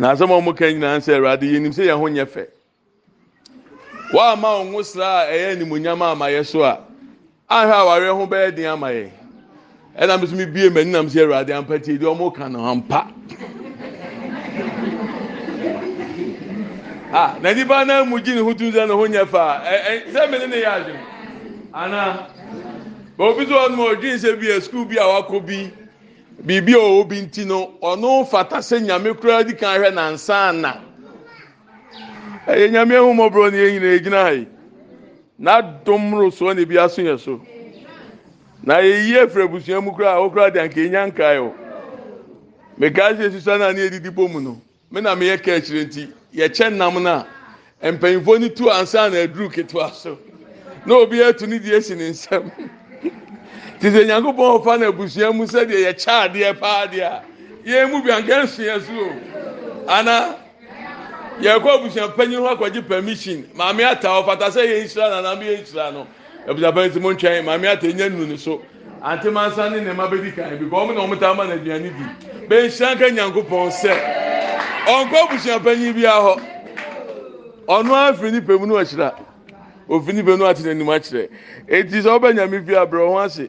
na asɛm ọmụka wɔn ka nyinaa sɛ awurade yɛn nim ya hụ nyefe nyɛ fɛ wɔama wɔn a ɛyɛ animonyam a ama yɛ so a ahwɛ a wɔawerɛ ho bɛyɛ den ama yɛ ɛna mbɛ so mi bie mɛ ninam sɛ awurade ampa tie deɛ ka a ah, na nipa nan mu gyi ne ho tun na ne ho nyɛ fa ɛ ɛ sɛ mi na ne yɛ ana obi so wɔn mo dwi nsɛ bi yɛ sukuu bi a wakɔ bi. biribi a obi nti no ɔno fata sɛ nyame koraa di kan hwɛ nansa ana ɛyɛ nyame ahomɔborɔ ne yɛn egyina gyina ha yi n'adom rosoɔ ne bi aso yɛ so na yɛyi efiri abusua mu koraa ɔkoraa de anka enya nkae o mekaa sɛ esusa na ne edidi bɔ mu no me na meyɛ kaa akyire nti yɛkyɛ nam na mpanyinfoɔ ne tu ansa na aduru ketewa so na obi etu ne die si ne nsam. te sɛ nyankopɔn ɔfa no abusua mu sɛdeɛ yɛkyɛ adeɛ paa deɛ a yɛn mu bianka nsua so o ana yɛkɔ abusua panyin ho akɔgye permission maame ata ɔfata sɛ na no anaa yɛnhyira no abusua panyin ti mu ntwɛn maame ata enya nu ne so ante mansa ne ne mma bɛdi kan bi kɔn mu na wɔn taa ma na aduane di bɛnhyira nka nyankopɔn sɛ ɔnkɔ abusua panyin bi ahɔ ɔno afiri ne pɛmu no akyira ofiri ne pɛmu no ate n'anim akyerɛ eti sɛ ɔbɛ nyame fi abrɛ ɔho ase.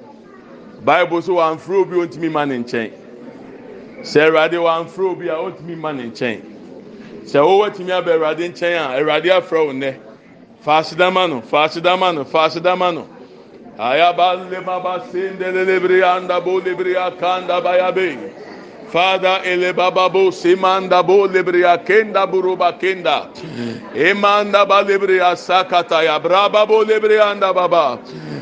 bible so wamfiri obi a ontumi e ma ne nkyɛn sɛ awurade wamfiri obi a ontumi ma ne nkyɛn sɛ wowɔ atumi aba awurade nkyɛn a awurade afrɛ wo nnɛ faasidama no faasidama no faasidama no ayaba lebaba sendelelebere andabo lebere akandaba yabe. Father, elebababo simanda bo lebria kenda buruba kenda. Emanda ba lebria sakata ya braba bo lebria anda baba.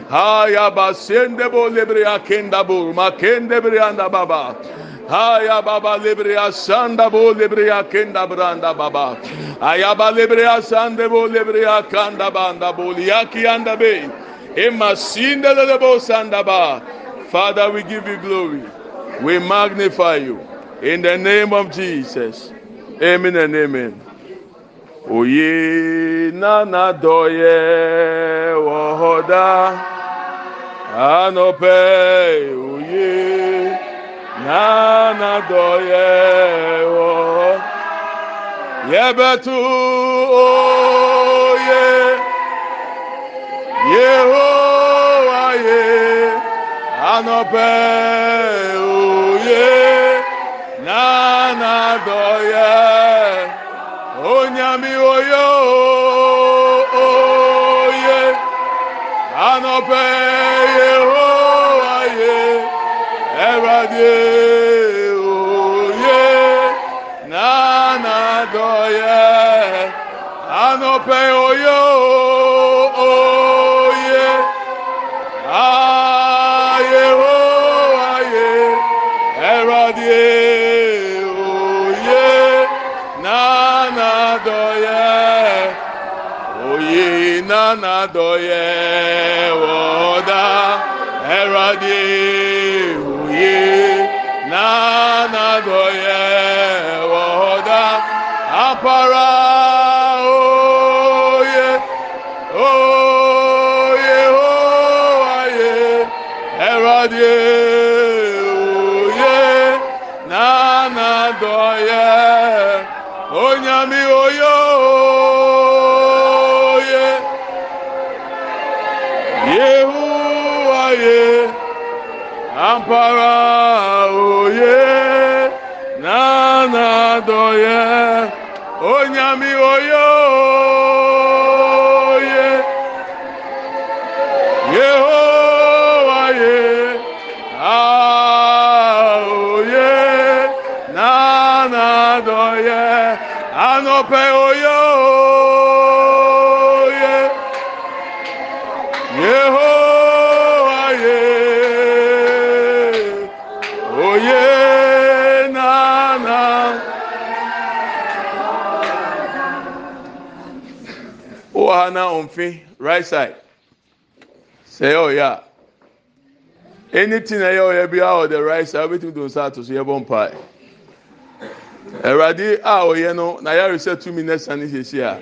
Haya basende bo lebria kenda bur ma kende brianda baba. Haya baba lebria sanda bo lebria kenda branda baba. Haya ba lebria sande bo lebria kanda banda bo liaki anda be. Ema sinde lebo sanda ba. Father, we give you glory. We magnify you in the name of Jesus. Amen and amen. Oye na na doye wohoda anope oye na na doye wo yebetu oye yehowa ye anope oye ike na na o ya onyami oyo oye anọpe yehowa ye erade oye na na-adọ ya anọpe oyo. na doye woda eradi uye na na doye woda apara oye onyami mi oye yehowa ye aoye nanadoye anope ɔmfe right side sɛ ɛyɛ ɔyɛ a anything ɛyɛ ɔyɛ bi a ɔde right side Everything do nsa ato so yɛ bɔ mpae ɛwurade a ɔyɛ no na yare sɛ tumi na ɛsan ne siesie a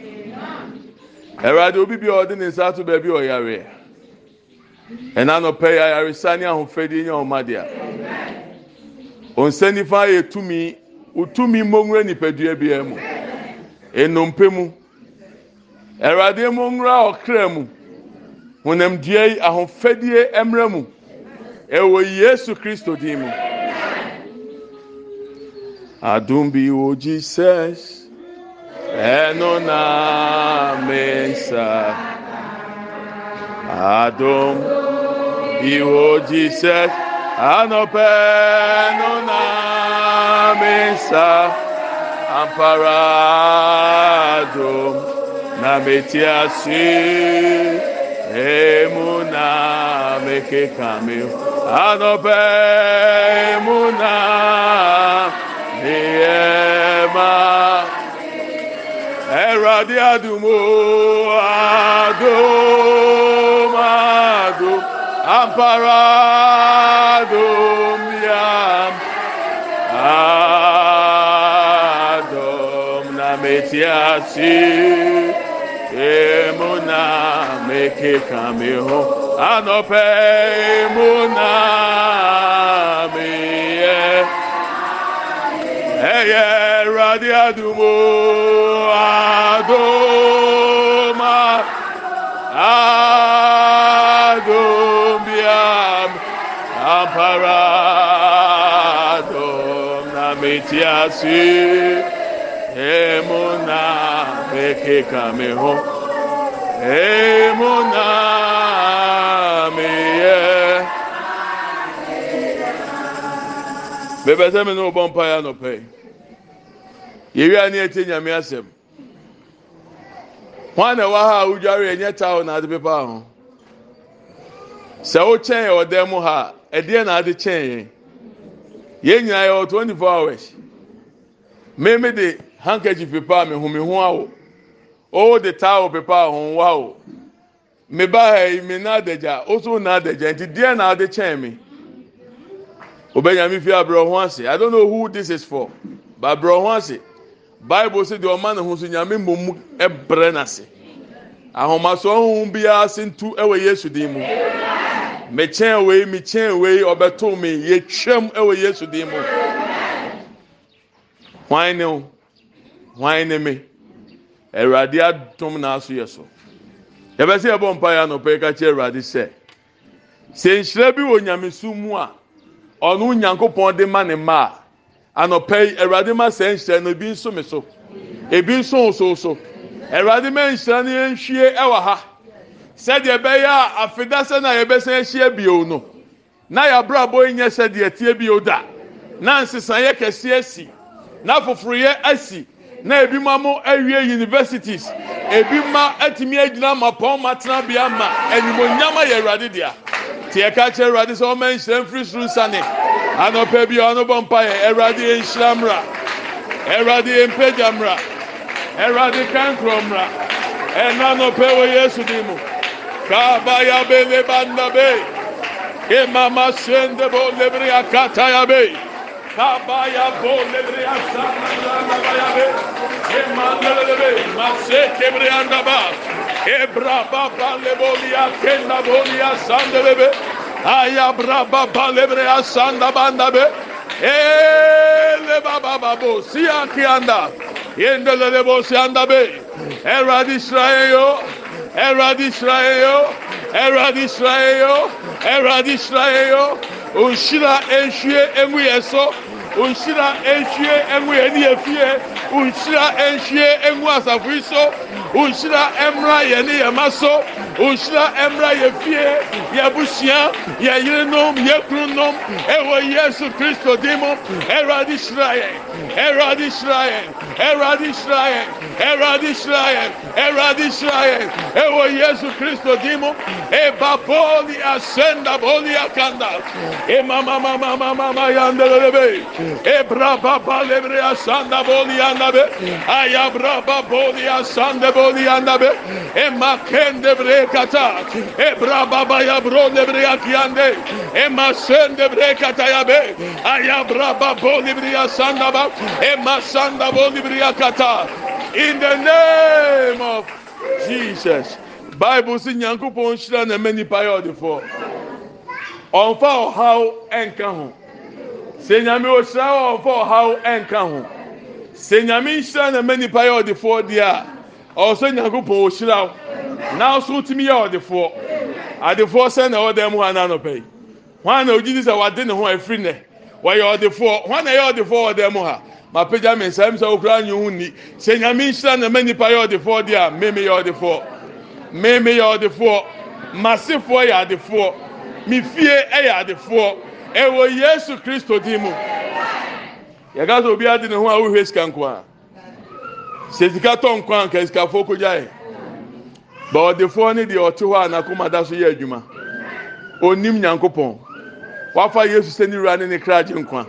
ɛwurade obi bi a ɔde ne nsa ato baabi ɔyare ɛna anɔpɛ yɛ ayaresa ne ahofɛdeɛ nyɛ ɔma deɛ onse nifa yɛ tumi otumi mbɔnwura nipadua biara mu enompe mu. awuradeɛ monwra ɔ kra mu honamdeei ahofɛdie ɛmrɛ mu ɛwɔ yesu kristo din mu adom bi wɔ gyisɛs ɛno na mensa adom bi wɔ gyisɛs anɔpɛɛno na mensa amparaaadom na meti ase emu na mekeka mi anɔpɛ emu na niyɛma ɛwurade adumo adomado ampara adomia adom na meti ase. ekea anope munamie ee radiadumo adoma dobia amparadona mitiasi emona meke kameh אמונה מיהיה. bɛbɛsɛ ya ne wobɔ mpaeɛ anɔpɛ yɛwia ne ɛtie nyame na ha a nye ɛnyɛ ọ na ade pepa ho sɛ wokyɛn ɔdan mu ha a na ade kyɛn yɛn yɛn nyinaa yɛwɔ 24 hours me me handkerchief pepa a hu awọ. o de taa o pepa ahụ nwa o ha na adagya otu na nti deɛ na ade kyɛn mi fi abrɛ ho i don't know who this is for but abrɛ ho si deɛ ɔma ne ho so nyame mbom na brɛ n'ase si ntu e wɔ yesu din mu me e yesu din mu awurade atom n'aso yɛ so yɛbɛ sɛ yɛbɔ mpa yɛ anɔpɛ yɛ kakyɛ awurade sɛ sɛ nhyira bi wɔ nyamesu mu a ɔno nyankopɔn de ma ne ma a anɔpɛ yi awurade ma sɛ nhyira no ebi nso me so ebi nso nso so awurade ma nhyira no yɛn hwie ɛwɔ ha sɛdeɛ ɛbɛyɛ a afidasɛ no a yɛbɛsɛn ahyia bio no na yɛabrabɔ yi nyɛ sɛdeɛ tie bio da na nsesan yɛ kɛseɛ si na foforɔ yɛ asi. na ebi ma mo awie universities ebi ma atumi agyina ma pɔn ma tena bea ma enyimonyama yɛ awurade dea te ɛka kyerɛ awurade sɛ ɔma nhyira mfiri soro nsane anɔpɛ bi a ɔno bɔ mpa yɛ awurade yɛ nhyira mmra awurade yɛ mpagya mmra awurade kankorɔ mmra ɛna anɔpɛ wɔ yesu din mu kaaba ya be leba nna be kemama sende bo lebere akata ya be. kabaya bre bir yasa kabaya be e emanla be bre anda ba e ebra ba le balle bolia kenda bolia sandele be aya bra ba ba le bre asanda banda be e le ele baba babo siya kiyanda yendelele bo siyanda be erad israel yo erad israel yo erad israel yo erad israel yo ɔnhyira nhwie emu yɛ so nhyira nhwie ɛngu yɛn efie nhyira nhwie ɛngu asafo yi so nhyira ɛmra yɛn ne yɛn ma so nhyira ɛmra yɛ fie yɛ nom yɛ nom ɛwɔ yesu kristo din mu ɛwurade hyira yɛn ɛwurade hyira yɛn ɛwurade hyira yɛn ɛwurade hyira yɛn ɛwurade hyira yɛn ɛwɔ yesu kristo din mu eba asenda poli akanda emamamamamama yandere Ebraba balebre asanda boli andabe. Ayabraba boli asanda boli andabe. Emakende brekata. Ebraba bayabronde breakiande. Emasende brekata yabe. Ayabraba boli briasanda ba. Emasanda boli briakata. In the name of Jesus. Bible sin nyankopɔn hyira ne mani pa yɛ onfa ɔmfa ɔhaw ɛnka ho sɛ nyame ɔhyira wɔ ɔmfa ɔhaw ɛnka ho sɛ nyame nhyira na ma nipa yɛ ɔdefoɔ deɛ a ɔwɔ sɛ nyankopɔn ɔhyira wo na ɔso tumi yɛ ɔdefoɔ adefoɔ sɛ na ɛwɔ dan mu ha n'anɔpɛ yi hwan na ogyi di sɛ wade ne ho afiri nɛ wɔyɛ ɔdefoɔ hwan na ɛyɛ ɔdefoɔ wɔ dan mu ha mapagya me nsa mi sɛ okura anyi ho ni sɛ nyame nhyira na ma nipa yɛ ɔdefoɔ deɛ a mmemme yɛ ɔdefoɔ mmemme yɛ ɔdefoɔ masefoɔ yɛ adefoɔ mifie ɛyɛ adefoɔ. ɛwɔ yesu kristo din mu yɛka sɛ obi adi ne ho a wohwɛ sika nko a sɛ sika tɔ nko a nka sikafoɔ kogya yɛ e. ba ɔdefoɔ ne deɛ ɔte hɔ a n'akoma da so yɛ adwuma onim nyankopɔn wafa yesu sɛ ne wura ne ne kra gye nkwa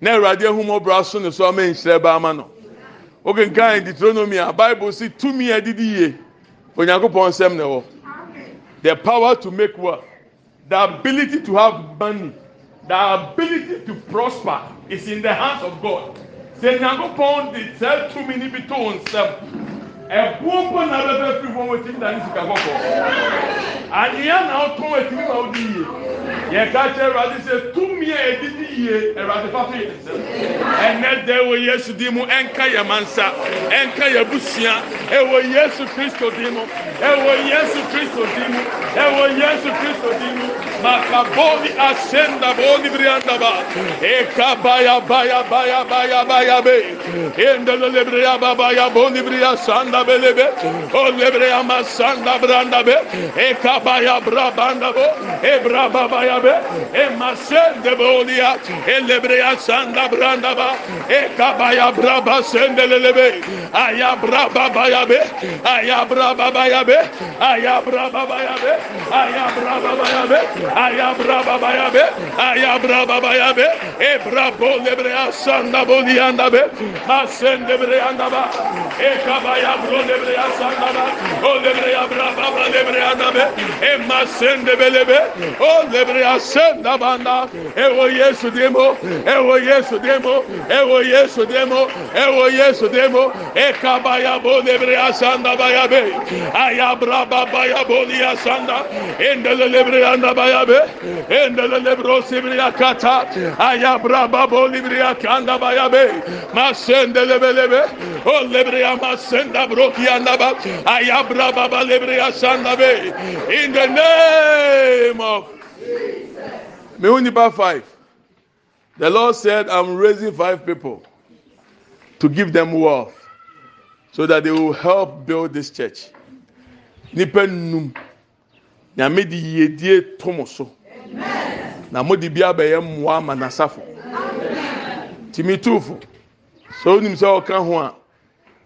na awurade ahumɔbra so ne so ama nhyerɛ ba ama no wokenkan deuteronomy a bible si tumi a didi yie onyankopɔn nsɛm na ɛwɔ the power to make work the ability to have money The ability to prosper is in the hands of God. Sɛ nyankopɔn de saa tumi ni bi to wɔn nsam ɛboɔ na bɛbɛ firi wɔn wɔn tiri na ne sika kɔkɔɔ anwea na ɔtɔn etiri na ɔdi yie yɛka kyerɛ ɛwurade sɛ tumi a edidi yie ɛwurade fafe yɛ nsɛm ɛnɛ dɛ wɔ yesu di mu ɛnka yɛ mansa ɛnka yɛ busua ɛwɔ yesu kristo di mu ɛwɔ yesu kristo di mu ɛwɔ yesu kristo di mu makabɔli asɛndabɔ libiriyandaba eka baya baya baya baya baya be endolo libiriyababa yabɔ libiriyasanda. branda belebe. Olebreya masanda branda be. E kabaya brabanda bo. E brababaya be. E masende be olia. Elebreya sanda branda ba. E kabaya braba sendelelebe. Aya brababaya be. Aya brababaya be. Aya brababaya be. Aya brababaya be. Aya brababaya be. Aya brababaya be. E brabo lebreya sanda bolianda be. Masende breyanda ba. E kabaya Olebreya sandaba, olebreya braba, olebreya dabe, emma sende belebe, olebreya senda banda, evo Yesu demo, evo Yesu demo, evo Yesu demo, evo Yesu demo, ekabaya bo olebreya sandaba ya be, ayabra baba ya boliya sanda, endele lebreya ndaba ya be, endele lebro sibriya kata, ayabra baba olebreya kanda ba ya be, masende lebelebe, o oh, lebreya masenda broki andaba ayabra baba lebreya sandabe in the name of Mehunipa five. The Lord said, I'm raising five people to give them wealth so that they will help build this church. Nipa num. Nyame di yiedie tomo so. Na mo di bia bɛyɛ mmoa ama n'asafo. Timi tuufo. Sɛ onim sɛ ɔka ho a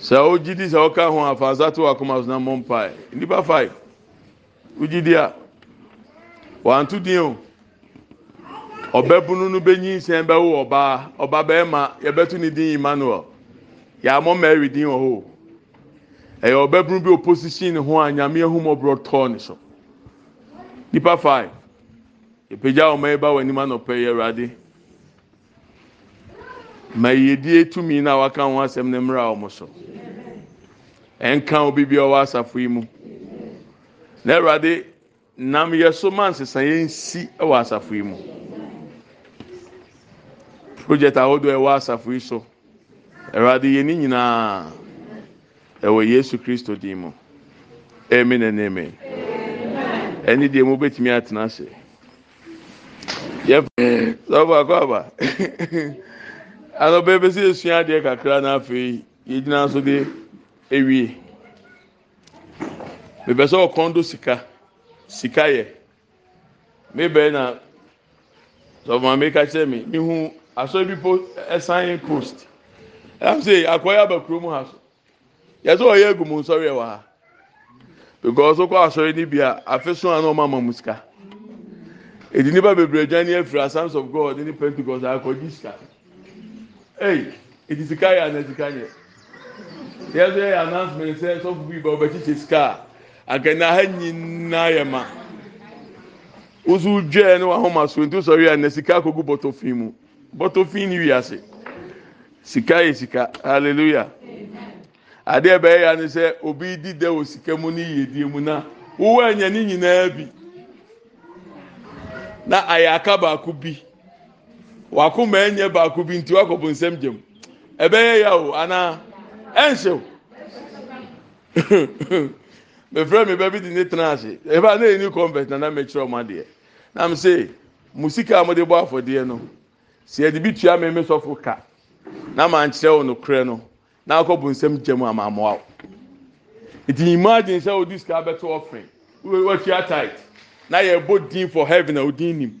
sɛ wogye di sɛ woka ho afa to wakoma so na mmɔ mpae nnipa five wogye di a wanto din o ɔbɛbunu no bɛnyi nsɛn bɛwo ɔbaa ɔba bɛɛma yɛbɛto ne din emmanuel yɛamɔ mary din wɔ hɔ ɛyɛ e, ɔbɛbunu bi opposition ho a nyame ahumɔborɔ tɔɔ ne so nnipa five yɛpagya ɔma yɛba wɔ anim anɔpɛ yɛ awurade ma di etu no a waka ho asɛm no mmra a mo so ɛnka wo bibia ɔwɔ asafo yi mu na awurade nam yɛ so ma nsesa yɛnsi wɔ asafo yi mu project ahodoɔ ɛwɔ asafo yi so awurade yɛni nyinaa ɛwɔ yesu kristo din mu amen and amen ɛne deɛ mobɛtumi atena ase yɛfɛ sɔfo akɔ aba ana ɔbɛyɛ si esua adeɛ kakra n'afɛ yi yɛgyina nso de ewie bɛbɛ sɛ ɔkɔn do sika sika yɛ mebɛɛ na sɔfɔmaame ka kyerɛ mi mihu asɔ bi po ɛsan e post ɛyam sɛ akɔyɛ aba kurom ha so yɛsɛ ɔyɛ egu mu nsɔre ɛwɔ ha because ɔkɔ asɔre ni bia afe so ano ɔmo ama mu sika edi nipa bebree dwan ni efiri asams of god ne ne pentikɔs akɔgye sika. hey ètì sika yẹ àná sika yẹ ya sọ yẹ announcement sẹ sọfún bíi bá ọbẹ kyekyẹ sika àgànnà ha nyinaa yẹ ma wosu dwa yẹ ne so sọ yẹ àná sika bọtọ mu bọtọ sika sika hallelujah ya obi na wowɔ anya bi wakoma ɛnyɛ baako bi nti wakɔ bonsam gyem ɛbɛyɛ yɛ o ana ɛnhyɛ o mefrɛ mi bɛbi di ne tena ase ɛfɛ ne yɛ ni convert na na mɛkyerɛ ɔmo adeɛ na mo se mo sika a mụ de bɔ afɔdeɛ no si ɛde bi tua mɛmɛ sɔfo ka na ma nkyerɛ wɔn korɛ no na akɔ bonsam gyem ama amoa o eti imagine sɛ odi sika abɛto ɔfin wɔtua tight na yɛ bɔ din for heaven a odi nim.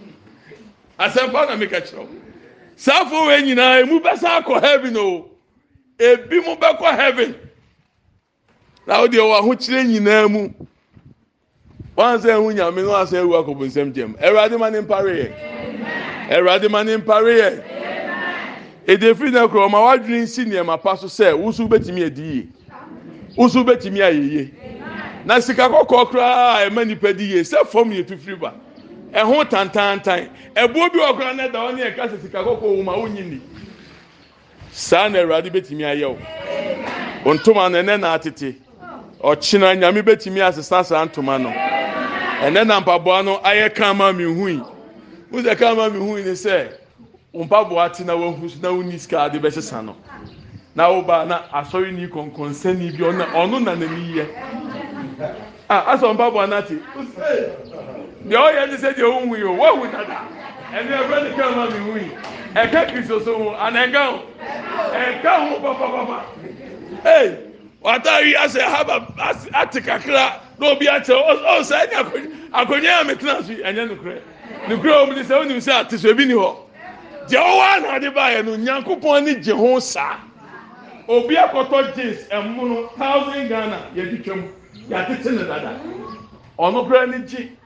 asɛmpa na meka kyerɛ wo saafo wei nyinaa emu bɛsa akɔ heaven o ebi mu bɛkɔ heaven na o deɛ wɔ ahokyere nyinaa mu wansi ehu nyame na wansi ehu akɔbɔ nsɛm gyɛm ɛwurade ma ne mpare yɛ ɛwurade ma ne mpare yɛ èdè firi na ma wadwiri nsi nneɛma pa so sɛ wusu betumi adi yie wusu betumi ayɛ yie na sika kɔkɔɔ koraa ɛma nipa di yie sɛ yɛ tu firi ba. ɛho tantantan ɛbuo bi wɔ koraa na da hɔ ne ɛka sɛ sika kɔkɔɔ wɔ mu a wonyi ni saa na awurade bɛtumi ayɛ wo ntoma no ɛnɛ na atete ɔkyena nyame betumi asesa saa ntoma no ɛnɛ na mpaboa no ayɛ kama mihui wosɛ kama mi mihui ne sɛ mpaboa te na wahu so na wonni sika ade bɛsesa no na woba na asɔre ni kɔnkɔnsɛni bi ɔno na n'ani yɛ a asɔ mpaboa no ate deɛ ɔyɛ ne sɛ deɛ ɔnwu yi o wɔnwu dada ɛnna ɛfɛ ne kan ma mi wu yi ɛka kristu so ho ana ɛka ho ɛka ho papapapa ee wataari asɛ haba ate kakra na obi akyɛ ɔsɛ ɛnyɛ akonnwa a metena so ɛnyɛ nukurɛ nukurɛ wɔn mi sɛ ɔnim sɛ ate so ebi ni hɔ deɛ ɔwɔ anaade baayɛ no nyankopɔn ne gye ho saa obi akɔtɔ jeans ɛmu no thousand ghana yɛde twam yɛatete ne dada ɔno kura ne gye.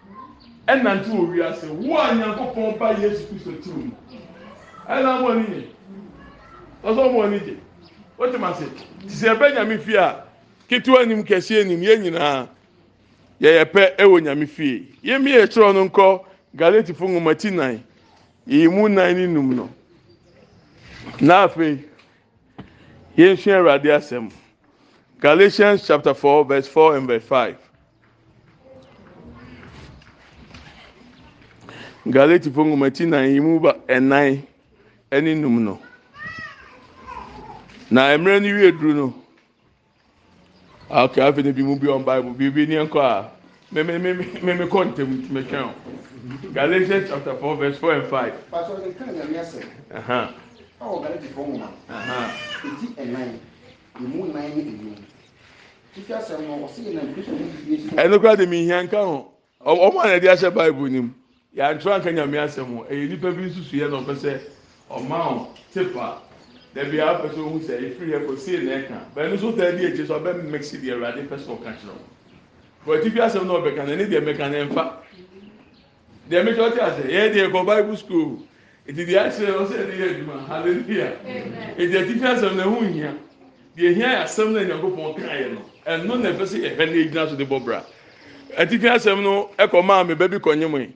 ɛnante ɔwiasɛ wo a nyankopɔn ba yesu kristo ti mo mɛnamani ɛ sɛmani de wotmas ti sɛyɛpɛ nyame fie a ketewa anim kɛseɛ nim yɛ nyinaa yɛyɛ pɛ ɛwɔ nyame fie yemeyɛ kyerɛ no nkɔ galatifo nwomatinai yi mu nan no num no na afei yɛnsua awurade asɛm galatians 4,5 galatifo nwoma ti na enyim ba ɛnan ɛne num no na mmerɛ no wie duru no aka afei na bi mu bi ɔn baibu bi bi ne nkɔ a mmemme kɔ ntɛm ntɛm twɛn o galatians chapter four verse four and five. pastor de kan yamia sɛ. ɔwɔ galatifo nwoma eti ɛnan emu nan ne enum titi asɛm no ɔsi yɛ na ebi so ne bi esu. ɛnukura de mi hiã nka ho ɔmo anadi ahyɛ baibu nim yàtò anka nyame asɛm o ɛyɛ nipa bi nsusu yɛ na ɔpɛ sɛ ɔman tipa dɛbi a pɛ sɛ ohun sɛ efiri yɛ kò see na ɛka bɛn nso tɛ di ekyi sɛ ɔbɛ mɛksi di ɛwurade pɛ sɛ ɔka kyerɛ o wɔti bi asɛm na ɔbɛka na ne deɛ mɛka na ɛnfa deɛ mɛka ɔte asɛ yɛ deɛ kɔ bible school eti deɛ hallelujah eti eti fi asɛm na ɛho nhia deɛ hia yɛ asɛm na nyakopɔn kaa yɛ no ɛno na ɛfɛ sɛ yɛ hwɛ na egyina so de bɔ bra eti fi asɛm no ɛkɔ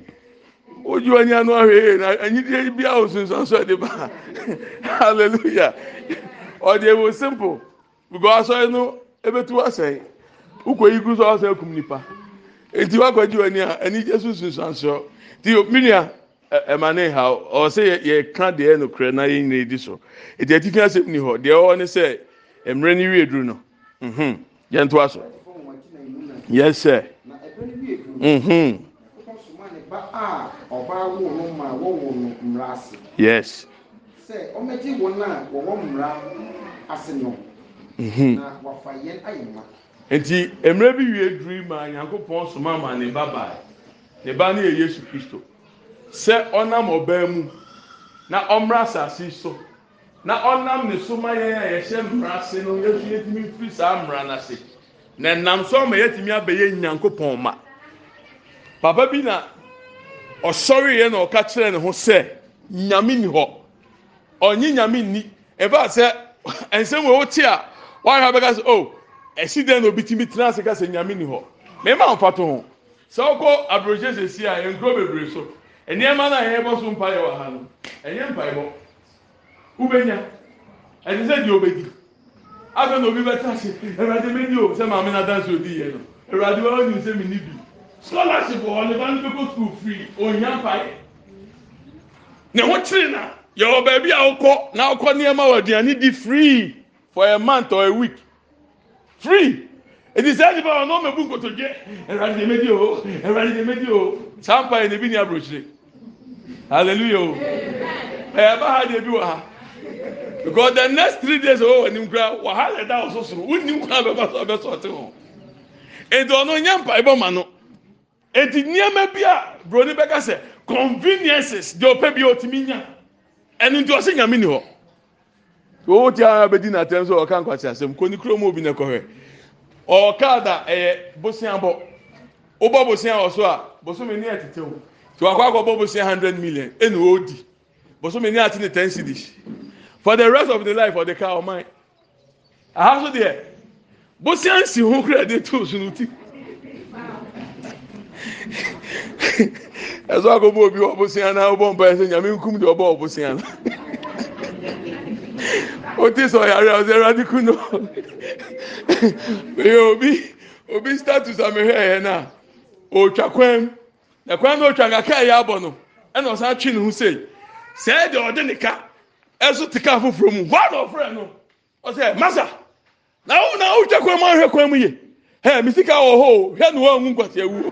ojú onye anụ ọhịa na anyị dị ibi ahụ nsonso nsọ dị ha hallelujah ọ dị ewu simple bụgo asọ ebe tụwa sị ukwe igu sọ ọsọ ekum nipa eti wakwa ji onye a anyị jesu nsonso nsọ ti mmiri a ɛma ne ọ na yɛn nyina edi so eti atifi asɛm ni di deɛ ɔwɔ ne sɛ iri ne na duru no yɛn to ba wo no ma wɔwɔ no mmara ase. yes. sɛ ɔmɛgye wɔn a wɔwɔ mmara ase no. Mhm. na wafa yɛn ayɛ ma. nti mmerɛ bi wie duru ma nyankopɔn soma ma ne ba baa ne ba no yɛ yesu kristo sɛ ɔnam ɔbaa mu na ɔmmra asase so na ɔnam ne soma yɛn a yɛhyɛ mmara ase no yɛsu yɛtumi firi saa mmara no ase na nam so ama yɛtumi abɛyɛ nyankopɔn ma papa bi na ɔsɔreeɛ na ɔka kyerɛ ne ho sɛ nyame nni hɔ ɔnye nyame nni ɛfa sɛ nsɛm wɔ wote a wahwɛ bɛka sɛ o oh, ɛsi dɛn na obi tumi tena ase ka sɛ nyame nni hɔ mɛma nfa to ho sɛ wokɔ aburokye sɛsi a nkuro bebree so nneɛma no a yɛbɔ so mpa yɛ wɔ ha no ɛnyɛ mpa yɛbɔ ubenya ɛte sɛ deɛ obɛdi afɛ na obi bɛta se ɛwurade mɛni o sɛ maame na dansi odi yɛ no ɛwurade wɔn ni nsɛm ni bi. scholarship wɔ ne ban school free ohia mpa ne ho kyerɛ na yɛwɔ baabi a wokɔ na wokɔ nneɛma wɔ aduane di free for a month or a week free èti sẹ́yìn ti bá wọn náà mẹ́bù nkotodwe ẹ̀rọ adìyẹ méjì o ẹ̀rọ adìyẹ méjì o sáàmpa yẹn níbi aburokyire hallelujah o ẹ̀yẹ bá ha dìé ebi ha because the next three days owó wà ní nkura wàhálà ẹ̀dá ọ̀sọ̀sọ̀rọ̀ wọ́n ní nkura eti nneɛma bi a broni bɛka sɛ conveniences deɛ ɔpɛ bi ɔtumi nya ɛni nti ɔsi nyame ni hɔ owó tí a bɛ di n'atɛm so ɔka nkwasi asɛm kò ní kurom obi na kɔhɛ ɔkaada ɛyɛ bosia bɔ wobɔ bosia wɔ so a bosomi ni ɛtete o tí wakɔ akɔ bɔ bosia hundred million ɛni ɔdi bosomi ni ati ni ten cedis for the rest of the life ɔdi ka ɔman aha so deɛ bosia nsi ho kura de tu osu no ti. ɛsɛ akɔbɔ obi ɔbosia na ɔbɔ mpa ɛsɛ nyame nkum de ɔbɔ ɔbosia na ɔte sɛ ɔyare a ɔsɛ ɛwurade kun no obi obi status amehwɛ yɛ na otwa kwan na kwan na otwa no atwi ne ho mu na no masa na ɔwɔ na ɔtwa kwan mu kwan mu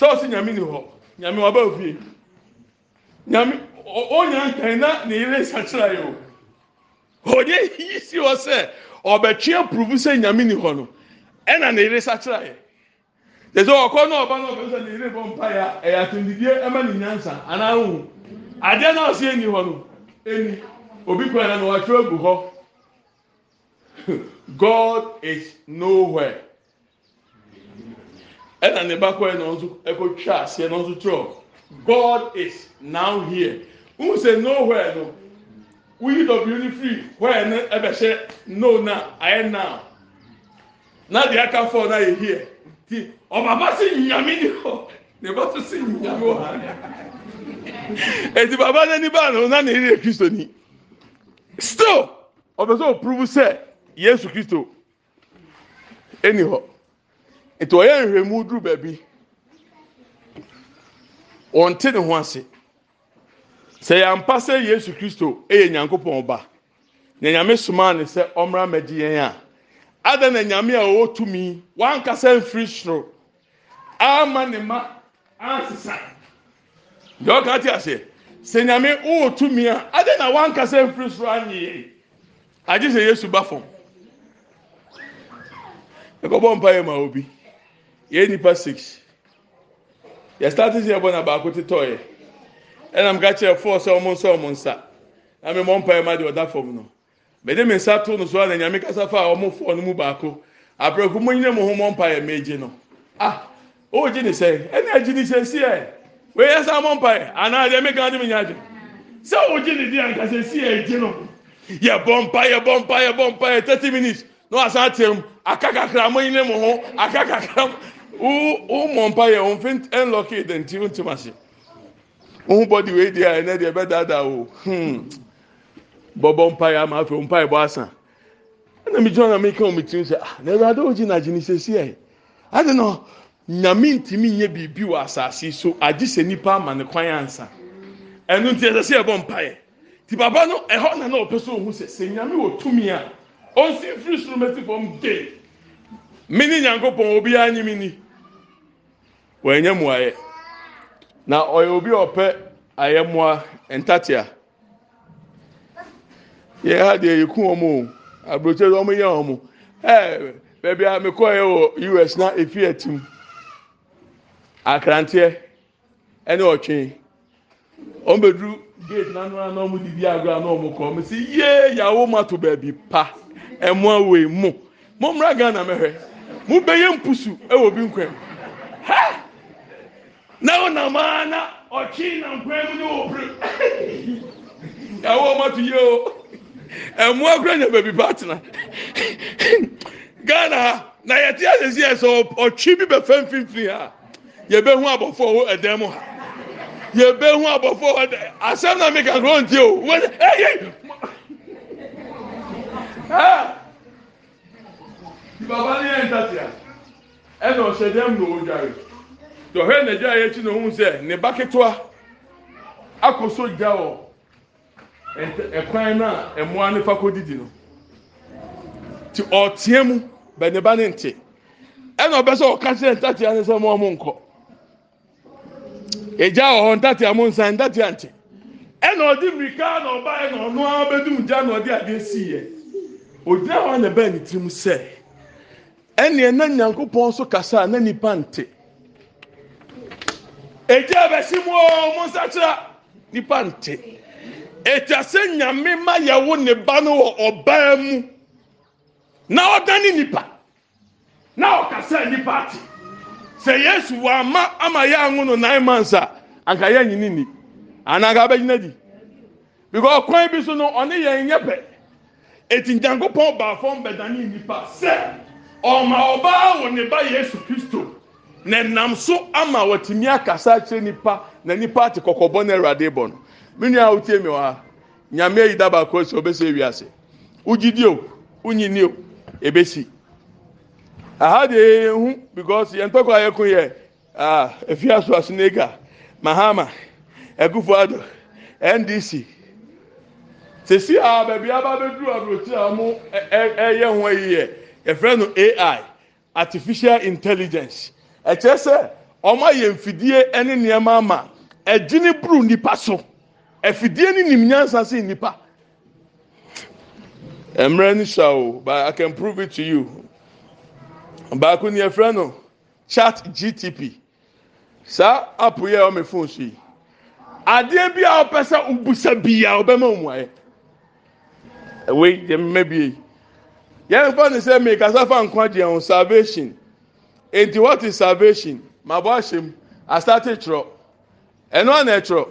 sọọsi nyame ni hɔ nyame waba ofie nyame ɔnya nkan na ne yere nsakyera yi o ɔde yi si hɔ sɛ ɔbɛtwe apurufu sɛ nyame ni hɔ no ɛna na yere nsakyera yɛ tẹsí ọkọ náà ɔba na ɔbɛn sɛ ne yere bɔ mpa ya ɛyà tẹnididie ɛma ne nyansa anaa hu adeɛ náà ɔsi ɛni hɔ no ɛni obi kura na ɔtwe egu hɔ god is nowhere. ɛna ne ba kɔɛ na ɔnso ɛkɔ twa aseɛ na ɔnso trɔ god is now here n sɛ nowhere no wuyi w ni free where no ɛbɛhyɛ no na ayɛ now na deɛ aka fɔ na yɛ here ti ɔbaba si nyame ni hɔ ne ba so si nyame wɔ ha eti baba n'ani ba no na ne yɛ kristo ni still ɔbɛ sɛ ɔpurubu sɛ yesu kristo ɛni hɔ nti ɔyɛ nhwɛmu duru baabi ɔnte ne ho ase sɛ yɛampa sɛ yesu kristo yɛ nyankopɔn ba na nyame somaa ne sɛ ɔmmra mmɛgye yɛn a ada na nyame a ɔwɔ tumi wankasa mfiri soro ama ne ma ansesa deɛ ɔka te aseɛ sɛ nyame wowɔ tumi a ada na wankasa mfiri soro anye yɛn agye sɛ yesu ba fam ɛkɔbɔ mpa yɛ ma obi yɛyɛ nipa six yɛ start si ɛbɔ na baako titɔ yɛ ɛna mu ka kyerɛ four sɛ ɔmo nsa ɔmo nsa na mi mɔ mpa yɛ ma deɛ ɔda fam no mɛde mi nsa to no so na nyame kasa fa ɔmo four no mu baako apɛrɛko mo nyina mo ho mɔ mpa yɛ mɛgye no ah o gye ne sɛ ɛna agye ne sɛ si yɛ wei yɛ sɛ mɔ mpa yɛ anaa deɛ mi kan de mi nya gye sɛ o gye ne di ankasa si yɛ gye no yɛ bɔ mpa yɛ bɔ mpa yɛ bɔ mpa yɛ thirty minutes na wasan ụmụ mpa ya mfe enlọka ide nti ntụmasị ụhụ bọdi wee di ya ene dị ebe daada o bọbọ mpa ya ma afọ mpa ya bụ asa ana m jụọ na m ike omitiri nsị ah na ebe adawo ji na ji n'ise si ya adị nọ nyame ntumi nye biribi wɔ asase so agye sɛ nipa ama ne kwan ansa ɛnu nti ɛsɛ sɛ ɛbɔ mpa yɛ ti baba no ɛhɔ na na ɔpɛ sɛ ohun sɛ sɛ nyame wɔ tumi a ɔnsi firi soro mɛti fam de mi ni nyanko wɔnyɛ mmuaeɛ na ɔyɛ obi a ɔpɛ ayɛ mmoa ntatea yɛ ha deɛ yɛku wɔn o aburokye wɔn yɛ wɔn ɛɛ beebi a mekɔ yɛ wɔ us na efi ɛtim akranteɛ ɛne ɔtwe wɔn bɛduru gate nanu na wɔn didi agorɔ na wɔn kɔ wɔn si yie yawo ma to beebi pa ɛmoa wei mu mo mmra ghana mɛhwɛ mo bɛyɛ mpusu ɛwɔ e bi nkwɛm. nawo na maa na na nkwan mu ne wɔpere ɛwɔ ɔma tu yie o ɛmoa kura nya baabi na atena ghana na yɛte asesi yɛ sɛ ɔtwi bi bɛfɛ mfimfini ha hu abɔfo ɔwɔ ɛdan mu ha yɛbɛhu abɔfo ɔwɔ ɛdan asɛm na meka kuro ntie o wɔn ɛyɛ ha baba ne yɛ ntatea ɛna ɔhyɛ dɛm na ɔdware. nti ɔhwɛ Naija a yɛakyi ne sɛ ne ba ketewa akɔ so gya wɔ ɛkwan ɛmoa didi no ɔteɛ mu bɛ ne ba ne ɛna ɔbɛ sɛ ɔka kyerɛ ntatea ne sɛ ɔmo nkɔ egya wɔ hɔ ntatea mo nsa ntatea ɛna mirika na ɔba ɛna ɔno ara gya na ɔde adeɛ si yɛ ogyina hɔ na ɛbɛn ne tirim sɛ ɛnneɛ na nyankopɔn so kasa na nipa egya abɛsi mu oo mu nsakyera nipa nte etwa sɛ nyame ma yɛwo ne ba no wɔ ɔbaa mu na ɔdane nipa na ɔkasa nipa ate sɛ yesu wama ama yɛ anwo no nine months a anka yɛ nyini ni anaa anka abɛgyina di because ɔkwan bi so no ɔne yɛn nyɛ pɛ eti nyankopɔn baafo mbɛdane nipa sɛ ɔma ɔbaa wɔ ne ba yesu kristo. na nam so ama wɔtumi akasa akyerɛ nipa na nipa ate kɔkɔbɔ na awurade bɔ no menu a wotie mi wɔ ha nyame ayi da baako esi obesi ase wogidi o unyini o ebesi aha de ehu because yɛn tɔkɔ a yɛko yɛ aa ah, efi aso asenega mahama ekufo ado ndc sisi a beebi aba abeduru aburoti a wɔn ɛɛyɛ ho ayi yɛ yɛfrɛ no ai artificial intelligence. ɛkyerɛ sɛ ɔmo ayɛ mfidie ɛne nneɛma ama ɛgyini buru nipa so ɛfidie ne nim nyansa si nipa mmerɛ ni sa o but i can prove it to you baako ni efrɛ no chat gtp saa app yi a ɔmo phone so yi adeɛ bi a ɔpɛ sɛ ɔbusa bi ɔbɛma ɔmo ayɛ ɛwɛ yi yɛ mmɛ bi yi yɛn fa ne sɛ mi kasa fa nkwa deɛ ho salvation. enti what is salvation ma bɔ ahyɛ mu asate twerɛ ɛno a na ɛtwerɛ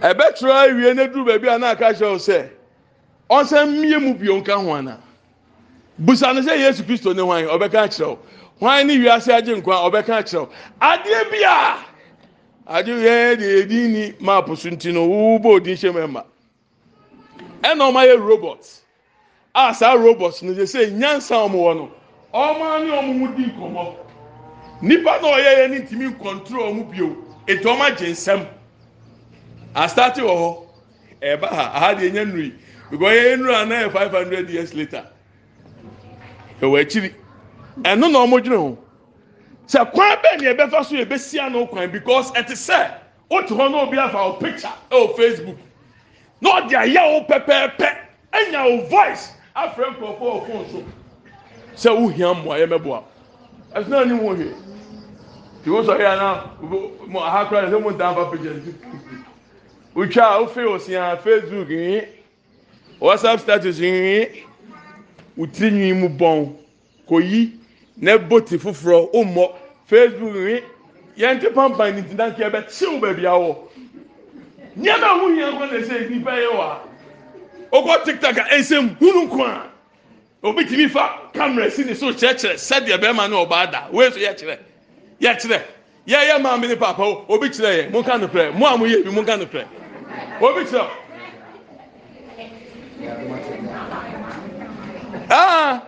ɛbɛtwerɛ awie na duru baabi a na aka kyerɛ wo sɛ ɔnsan mmie mu bio nka ho ana busa no sɛ yesu kristo ne hwan ɔbɛka akyerɛ wo hwan ne wiase agye nkwa ɔbɛka akyerɛ wo adeɛ bi a adeɛ yɛ deɛ yɛdi ni maapu so nti no wɔwɔ bɔ odi nhyɛn mu ɛma ɛna wɔn ayɛ robot a saa robot no yɛ sɛ nyansa wɔn wɔ no. ɔmaa ne ọmụmụ dị nkọmọ nipa na ɔyɛ ya ne ntumi ọmụ ɔmo bio etu ọma agye nsɛm asate wọ hɔ ɛba ha aha deɛ nye nuri because ɔyɛ nura na yɛ five hundred years later ɛwɔ akyiri ɛno na ɔmo dwene ho sɛ kwan bɛɛ na ɛbɛfa so yɛ bɛsi ano kwan because ɛte sɛ wote hɔ na obi afa o picture ɛwɔ facebook na ɔde ayɛ wo pɛpɛɛpɛ ɛnya wo voice afrɛ nkurɔfoɔ wɔ phone so. sɛ wohia mmoayɛ mɛboa ɛsena ni wo hwee nti wosɔre ana mo aha kora ne sɛ mo ntaa fa pagya nti wotwa a wofei wo sea facebook nwi whatsapp status nwi wo tiri nwi mu bɔn Ne na boti foforɔ wommɔ facebook nwi yɛnte pampan ne ntina nkeɛ bɛkyew baabi awɔ nneɛma a wohia nkwa na ɛsɛ nnipa yɛ wɔ a wokɔ tiktok a ɛnsɛ hunu nko a obi tìmí fa kamara si ni so kyerɛkyerɛ sɛdeɛ bɛrima ne ɔbaa da wei so yɛkyerɛ yɛkyerɛ yɛyɛ maame ne papa o obi kyerɛ yɛ mo nka no pɛ mo a mo yɛ bi mo nka no pɛ obi kyerɛ aa ah!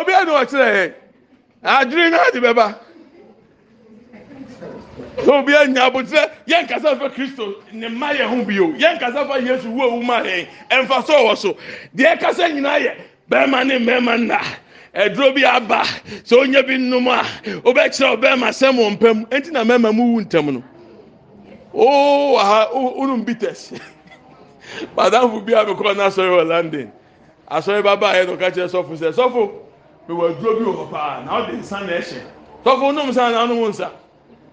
obi a ne ɔkyerɛ yɛ adwiri na adi bɛba obi a nya abotire. yɛn kasa fɛ kristo ne mma yɛn ho bio yɛn kasa fɛ yesu wo ewu ma yɛn ɛnfa so wɔ so deɛ kasa nyinaa yɛ bɛrima ne mɛrima nna ɛduro bi aba sɛ onye bi nnum a obɛkyerɛ ɔbɛrima sɛm wɔn mpɛm ɛnti na mɛrima mu wu ntɛm no ooo aha unum bitters madamfo bi a mi kɔ n'asɔre wɔ london asɔre baba a yɛ no ka kyerɛ sɔfo sɛ sɔfo mi wɔ duro bi wɔ hɔ paa na ɔde nsa na ɛhyɛ sɔfo onum nsa na ɔnum nsa.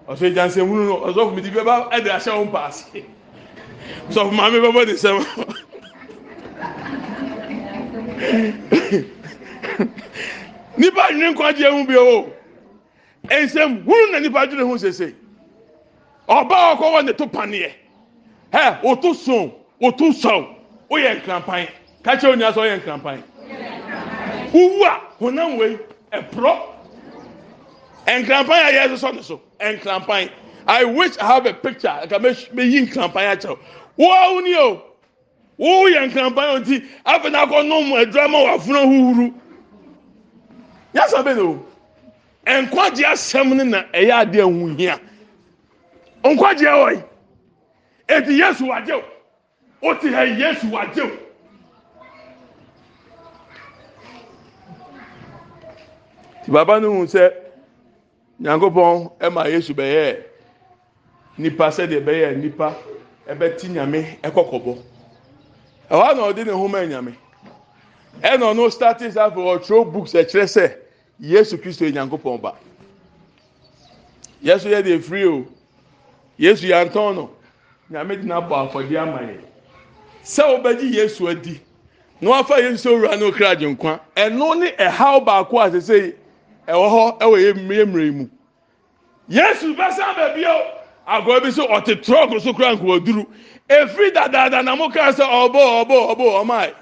ɔsɔ egyanse mu no ɔsɔfo mi di bi ɛba ɛde ahyɛ wɔn paase ɔsɔfo maame bɛbɔ ne nsɛm nipa nwene nkwagye ho bi o nsɛm huru na nipa adwene ho sese ɔbaa ɔkɔ wɔ ne to paneɛ ɛ otu so otu sɔw oyɛ nkrampan kakyɛ onyaa sɛ ɔyɛ nkrampan wuwu a honam wei ɛporɔ nkrampan a yɛ ɛsosɔ ne so. And nkrampan i wish i have a picture I can make in nka meyi nkrampan akyɛw wɔn ni o wɔn yɛ nkrampan o ti afei na akɔ nom adurama wɔ and huhuru yasa bɛ na o nkwagye asɛm no na ɛyɛ adeɛ nhuhia nkwagye ɛwɔ Yes, eti are wagye What o ti ha yesu wagye o. baba no hun sɛ nyankopɔn ɛma yesu bɛyɛ nipa sɛdeɛ bɛyɛ nipa ɛbɛti nyame ɛkɔkɔbɔ ɛhɔ ana ɔde ne ho mɛ nyame ɛna ɔno starting safo ɔtwerɛ books ɛkyerɛ sɛ yesu kristo yɛ nyankopɔn ba yesu yɛ de efiri o yesu yɛ no nyame de na bɔ afɔde ama yɛ sɛ ɔbɛgye yesu adi na wafa yesu sɛ owura no kra gye nkwa ɛno ne ɛhaw baako a sɛ sɛ yi. ɛwɔ hɔ ɛwɔ yɛ mmerɛmmerɛ mu yesu bɛsan baabi o agorɔ bi so ɔte trɔk so kura nkuwa duru efiri dadaada na mo kaa sɛ ɔbɔ ɔbɔ ɔbɔ ɔmaa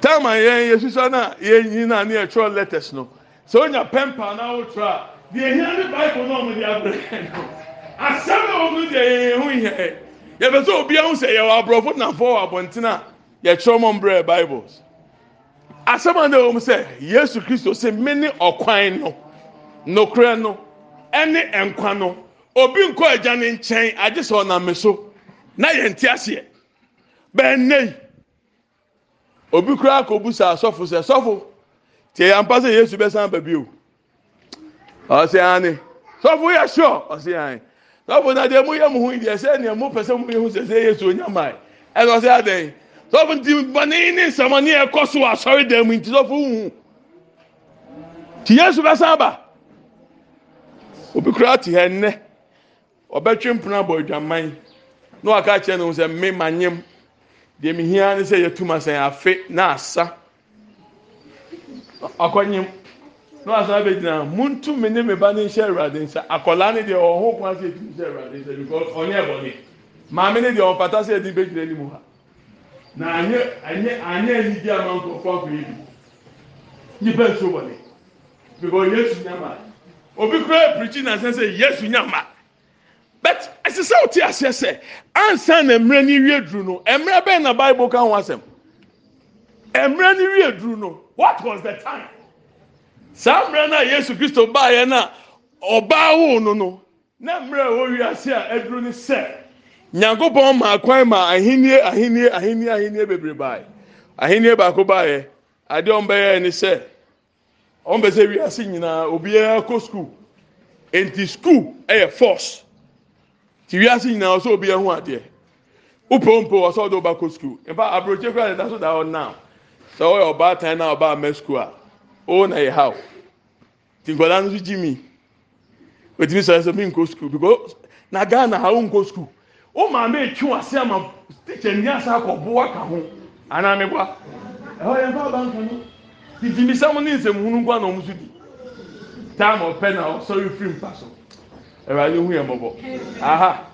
taama yɛn yesu sɔ na yɛn nyina ne ɛtwerɛ letters no sɛ onya pɛmpa na awotwerɛ a deɛ ehia ne baibul na ɔmo de abrɛ no asɛm a wɔn deɛ yɛn ho yɛ yɛbɛ sɛ obiara ho sɛ yɛwɔ aborɔfo nafɔ wɔ abɔnten a yɛtwerɛ mo mbrɛ bibles. asɛm a ɛwɔ mu sɛ yesu kristo sɛ me ne ɔkwan no nokorɛ no ɛne obi nkɔ agya ne nkyɛn agye sɛ ɔnam so na yɛnte aseɛ bɛnɛ obi koraa kɔbu sɛ asɔfo sɛ sɔfo tie sɛ yesu bɛsan ba bio ɔsɛ ane sɔfo yɛ sɔ ɔsɛ na deɛ yɛ sɛ pɛ sɛ yɛ sɛ ɛna sọfọ nti bọnii ni nsọmọni ẹkọ so asọri dẹm nti sọfọ hu ti yesu bẹ sábà obi kura ti hẹ nnẹ ọbẹtwi mpona bọ adwaman na waka kyerɛ ne ho sɛ mme ma nyem deɛ me hia ne sɛ yɛtum asɛn afe na asa akɔ nyem na wasan abɛgyina muntu me ne me ba ne nhyɛ awurade nsa akɔlaa ne deɛ ɔho kwan sɛ yɛtum nhyɛ awurade nsa because ɔnyɛ ɛbɔ ne maame ne deɛ ɔpata sɛ yɛde bɛgyina anim ha na anyɛ anyɛ anyɛ anigye ama nkorɔfoɔ akɔyɛ bi nipa nsuo wɔ ne bibɔ yesu nyama obi kura pirikyi na nsɛn sɛ yesu nyama bɛt ɛsɛ sɛ ɔte aseɛ sɛ ansan na mmerɛ ni wie duru no mmerɛ bɛyɛ na baibu ka ho asɛm mmerɛ ni wie duru no what was the time saa mmerɛ na yesu kristo baayɛ na ɔbaa wo no no na mmerɛ a wɔwi ase a aduru ne nyankopɔn ma kwan ma ahenni ahenni ahenni ahenni bebree baaɛ ahenni baako baaɛ adeɛ ɔmo bɛyɛ ne sɛ ɔmo bɛ sɛ wiase nyinaa obiara kɔ sukuu nti sukuu force ti wiase nyinaa ɔsɛ obiara ho adeɛ upompo ɔsɛ ɔde ɔba kɔ sukuu aburokye kura deda so da hɔ now sɛ ɔyɛ ɔbaatan na ɔbaa mɛ sukuu a ɔwɔ na yɛ how ti nkwadaa no so gyi mi sɛ ɛsɛ mi nkɔ sukuu because na ghana ha womaa mɛɛtwiwase ama kyɛniɛse akɔboa ka ho anaa meboa hyɛmpa banka no igyimesɛm ne nsɛmhunu koanomso di tam ɔpɛ noɔsɔre fri pa so awrae hu ɛmbɔ ha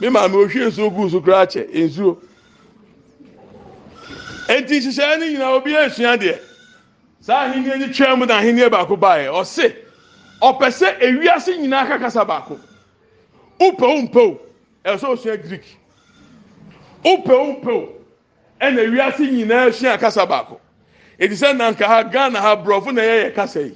memamɔhwe nsugu so korakyɛ nsuo ɛnti nhyehyɛɛ no nyina obiɛ asua deɛ saa ahenni ni kyeɛ mu na ahenniɛ baako baɛ ɔse ɔpɛ sɛ ɛwiase nyinaa kaka sa baako wopɛ wo mpɛ o ɛwɔ sɛ wosua greek wopɛ wo ɛna wiase nyinaa sua kasa baako ɛti sɛ nanka ha ghana ha borɔfo na ɛyɛyɛ kasa yi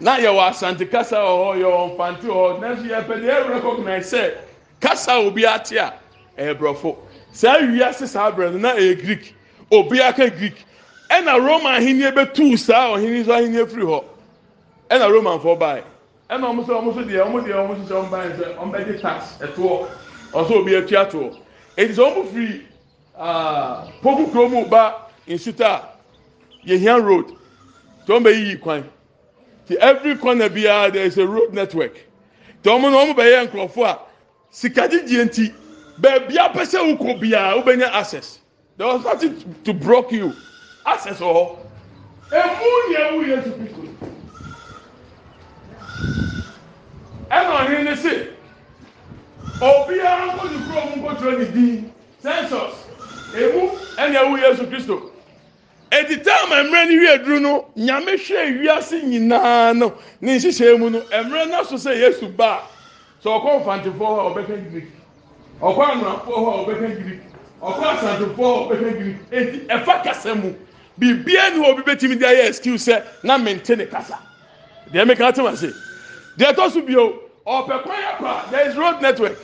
na yɛwɔ asante kasa wɔ hɔ yɛwɔ mpante wɔ hɔ nanso yɛpɛ deɛ ɛwɔ recognize sɛ kasa obi ate a ɛyɛ e borɔfo saa wiase saa brɛ no na ɛyɛ e greek obi aka greek ɛna roman ahenni bɛtu saa ɔhenni so ahenni efiri hɔ ɛna roman fɔ baa yɛ. ɛna ɔmo sɛ ɔmo so deɛ ɔmo deɛ ɔmo hyehyɛ ɔmo ban sɛ ɔmo bɛgye tax ɛtoɔ ɔsɛ obi atua toɔ eti sɛ ɔmo firi aa ah, poku kuro mu ba nsuta yehia road tí ɔmo bɛyiyi kwan ti every corner biara there is a road network tí ɔmo na ɔmo bɛyɛ nkurɔfoɔ a sikagyegye nti beebi apɛsɛ okɔ biara wobɛnya access there was nothing to block you access wɔ hɔ emu yɛ wu yɛ tu pikin. ɛna ɔhene ne se obiara nkɔdu kurom nkɔturo ne din census emu ɛna yesu kristo edi tam mmerɛ ne wie duru no nyame hwɛ wiase nyinaa no ne nhyehyɛ mu no mmerɛ n'aso sɛ yesu baa sɛ ɔkɔ mfantefoɔ hɔ a ɔbɛka greek ɔkɔ anuafoɔ hɔ a ɔbɛka greek ɔkɔ asantefoɔ hɔ a ɔbɛka greek eti ɛfa kasa mu biribiara ni obi bɛtumi de ayɛ excuse sɛ na mente ne kasa deɛ meka tem ase deɛ ɛtɔ so bio. ọpẹ kwan yẹ kọ there is road network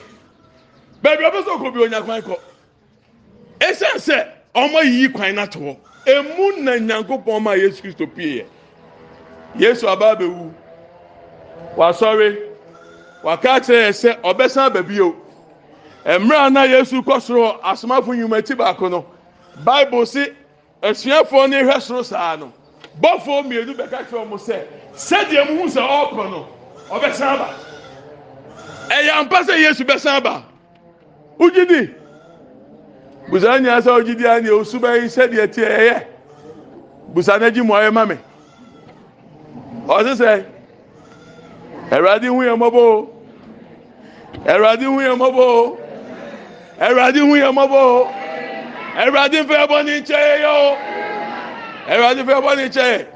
baabi ọbẹ sọ kọ bi onya kwan kọ esan sẹ ọmọ yiyi kwan na tọ emu na nyanko pọn ọmọ a yesu kristo pie yẹ yesu aba wa wasọre wa kyerɛ yɛ sɛ ɔbɛsan baabi o mmerɛ na yesu kɔ soro asomafo nyuma ti baako no bible si esuafo ne hwɛ soro saa no bɔfoɔ mmienu bɛka kyerɛ wɔn sɛ sɛdeɛ mu hu sɛ ɔrekɔ no ɔbɛsan ba. ɛyɛ ampa sɛ yesu bɛsan ba wogye di busa nyinaa sɛ wogye di ani osu bɛyi sɛdeɛ tiɛ ɛyɛ busa n'agyi mu ayɛ ma mi ɔsi sɛ ɛwurade hu yɛ mɔbɔ o ɛwurade hu yɛ mɔbɔ o ɛwurade hu yɛ mɔbɔ o ɛwurade fɛ bɔ ne nkyɛn yɛ o ɛwurade fɛ bɔ ne nkyɛn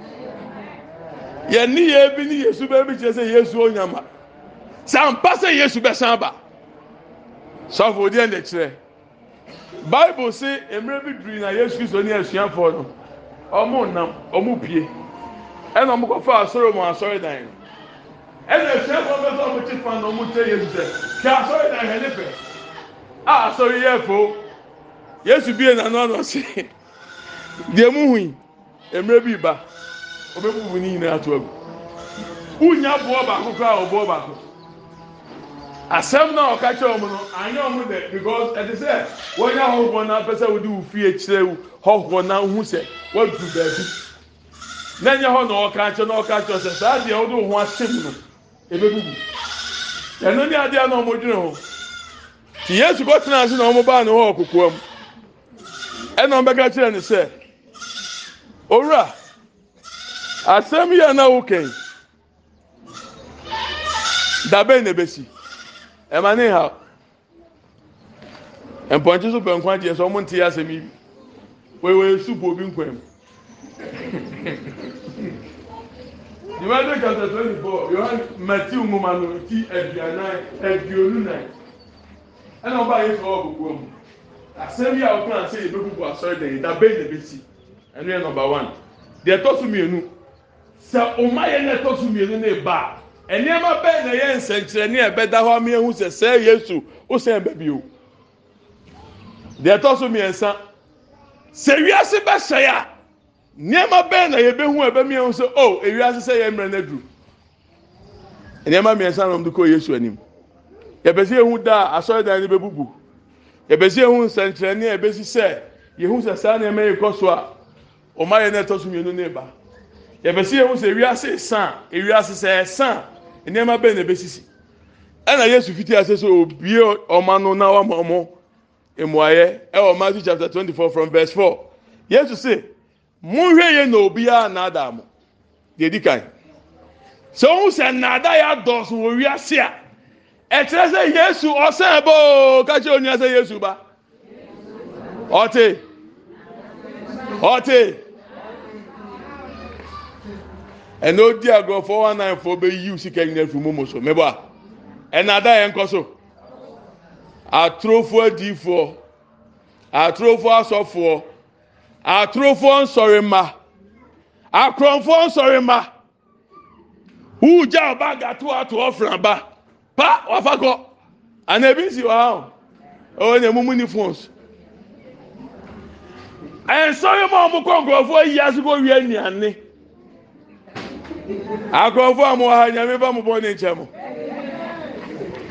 yɛ ni yɛ bi ni yesu bɛɛ bi kyerɛ sɛ yesu onyama saa mpa sɛ yesu bɛsan ba sɔfo odi ɛna kyerɛ bible se mmerɛ bi duru na yesu kristo ne asuafoɔ no wɔn nam wɔn pie ɛna wɔn kɔfa asɔre wɔn asɔredan no ɛna asuafoɔ bɛ sɛ wɔn ti fan na wɔn kyerɛ yesu sɛ kí asɔredan hɛ ne pɛ a asɔre yɛ fo yesu bie n'ano ano se deɛ mu hui mmerɛ bi ba wɔbɛbubu ne nyinaa ato agu wunya boɔ baako koraa ɔboɔ baako asɛm na ɔka kyerɛ wɔn no anyɛ wɔn dɛ because ɛte sɛ wɔnyɛ ahɔhoɔ na apɛ sɛ wɔde wofi akyerɛ wo hɔhoɔ na ho sɛ wɔadu baabi na nyɛ hɔ na ɔka kyerɛ na ɔka kyerɛ sɛ saa deɛ wɔde wɔn ho asɛm no ebebubu ɛno ne adeɛ na wɔn dwene ho ti yesu kɔ tena ase na wɔn baa ne hɔ ɔkokoa mu ɛna ɔbɛka kyerɛ ne sɛ owura asɛm yɛ na wokɛn dabe na ebesi ɛma ne ha mpɔnkye so pɛ nkwa deɛ sɛ ɔmo nte asɛm yi wɔyɛ su po obi nkwa mu Dimadio chapter twenty four Yohane Matthew nwoma no ti aduanan aduonu nan ɛna ɔbaa yi fɔ ɔbɛbɔ mu asɛm yi a ɔkura ase yɛ bɛbubu asɔredan yi dabe na bɛsi ɛno yɛ number one deɛ ɛtɔ so mmienu sɛ ɔma yɛ na ɛtɔ so mmienu na ɛba nneɛma bɛyɛ na ɛyɛ nsɛnkyerɛnne a ɛbɛda hɔ ama ehu sɛ sɛ yesu wosɛn bɛbi o deɛ ɛtɔ so mmiɛnsa sɛ wiase bɛhyɛ a nneɛma bɛyɛ na yɛbɛhu a ɛbɛmi ehu sɛ o ewiase sɛ yɛn mmerɛ n'aduru nneɛma mmiɛnsa na wɔn de kɔ yesu anim yɛbɛsi ehu da a asɔredan ne bɛbubu yɛbɛsi ehu nsɛnkyerɛnne a ɛbɛsi sɛ yehu sɛ saa nneɛma yi kɔ so a ɔmo ayɛ na ɛtɔ so mmienu ne ba yɛbɛsi ehu sɛ ewiase san ewiase sɛ ɛsan nneɛma bɛn na ɛbɛsisi ɛna yesu fiti ase so obie ɔma no na wama ɔmo mmuayɛ ɛwɔ matthew chapter twenty four from verse four yesu se monhwɛ yɛ na obiara naadaa mo deɛ di kan sɛ ohun sɛ naadaa yɛ adɔɔso wɔ wiase a ɛkyerɛ sɛ yesu ɔsɛn boo kakyɛ onua sɛ yesu ba ɔte ɔte ɛna odi agorɔfoɔ one nine foɔ bɛyiw sika nyina fi mu mu so mɛbɔ a ɛna ada yɛn kɔ so atorofoɔ adiifoɔ atorofoɔ asɔfoɔ atorofoɔ nsɔrima akorɔmfoɔ nsɔrima wúùjá ọba gàtú àtú ba pa wàfàkọ àná ebi si wà áwọn ọwọ ní ẹmúmú ní fóònù ẹ̀ nsọ́yìnmọ́ ọmọ kọ̀ǹkọ̀ọ̀fọ́ yíyá sí kó wíyá nìyànní akorɔfoɔ a mo wɔ ha nyame fa mo bɔ ne nkyɛn mo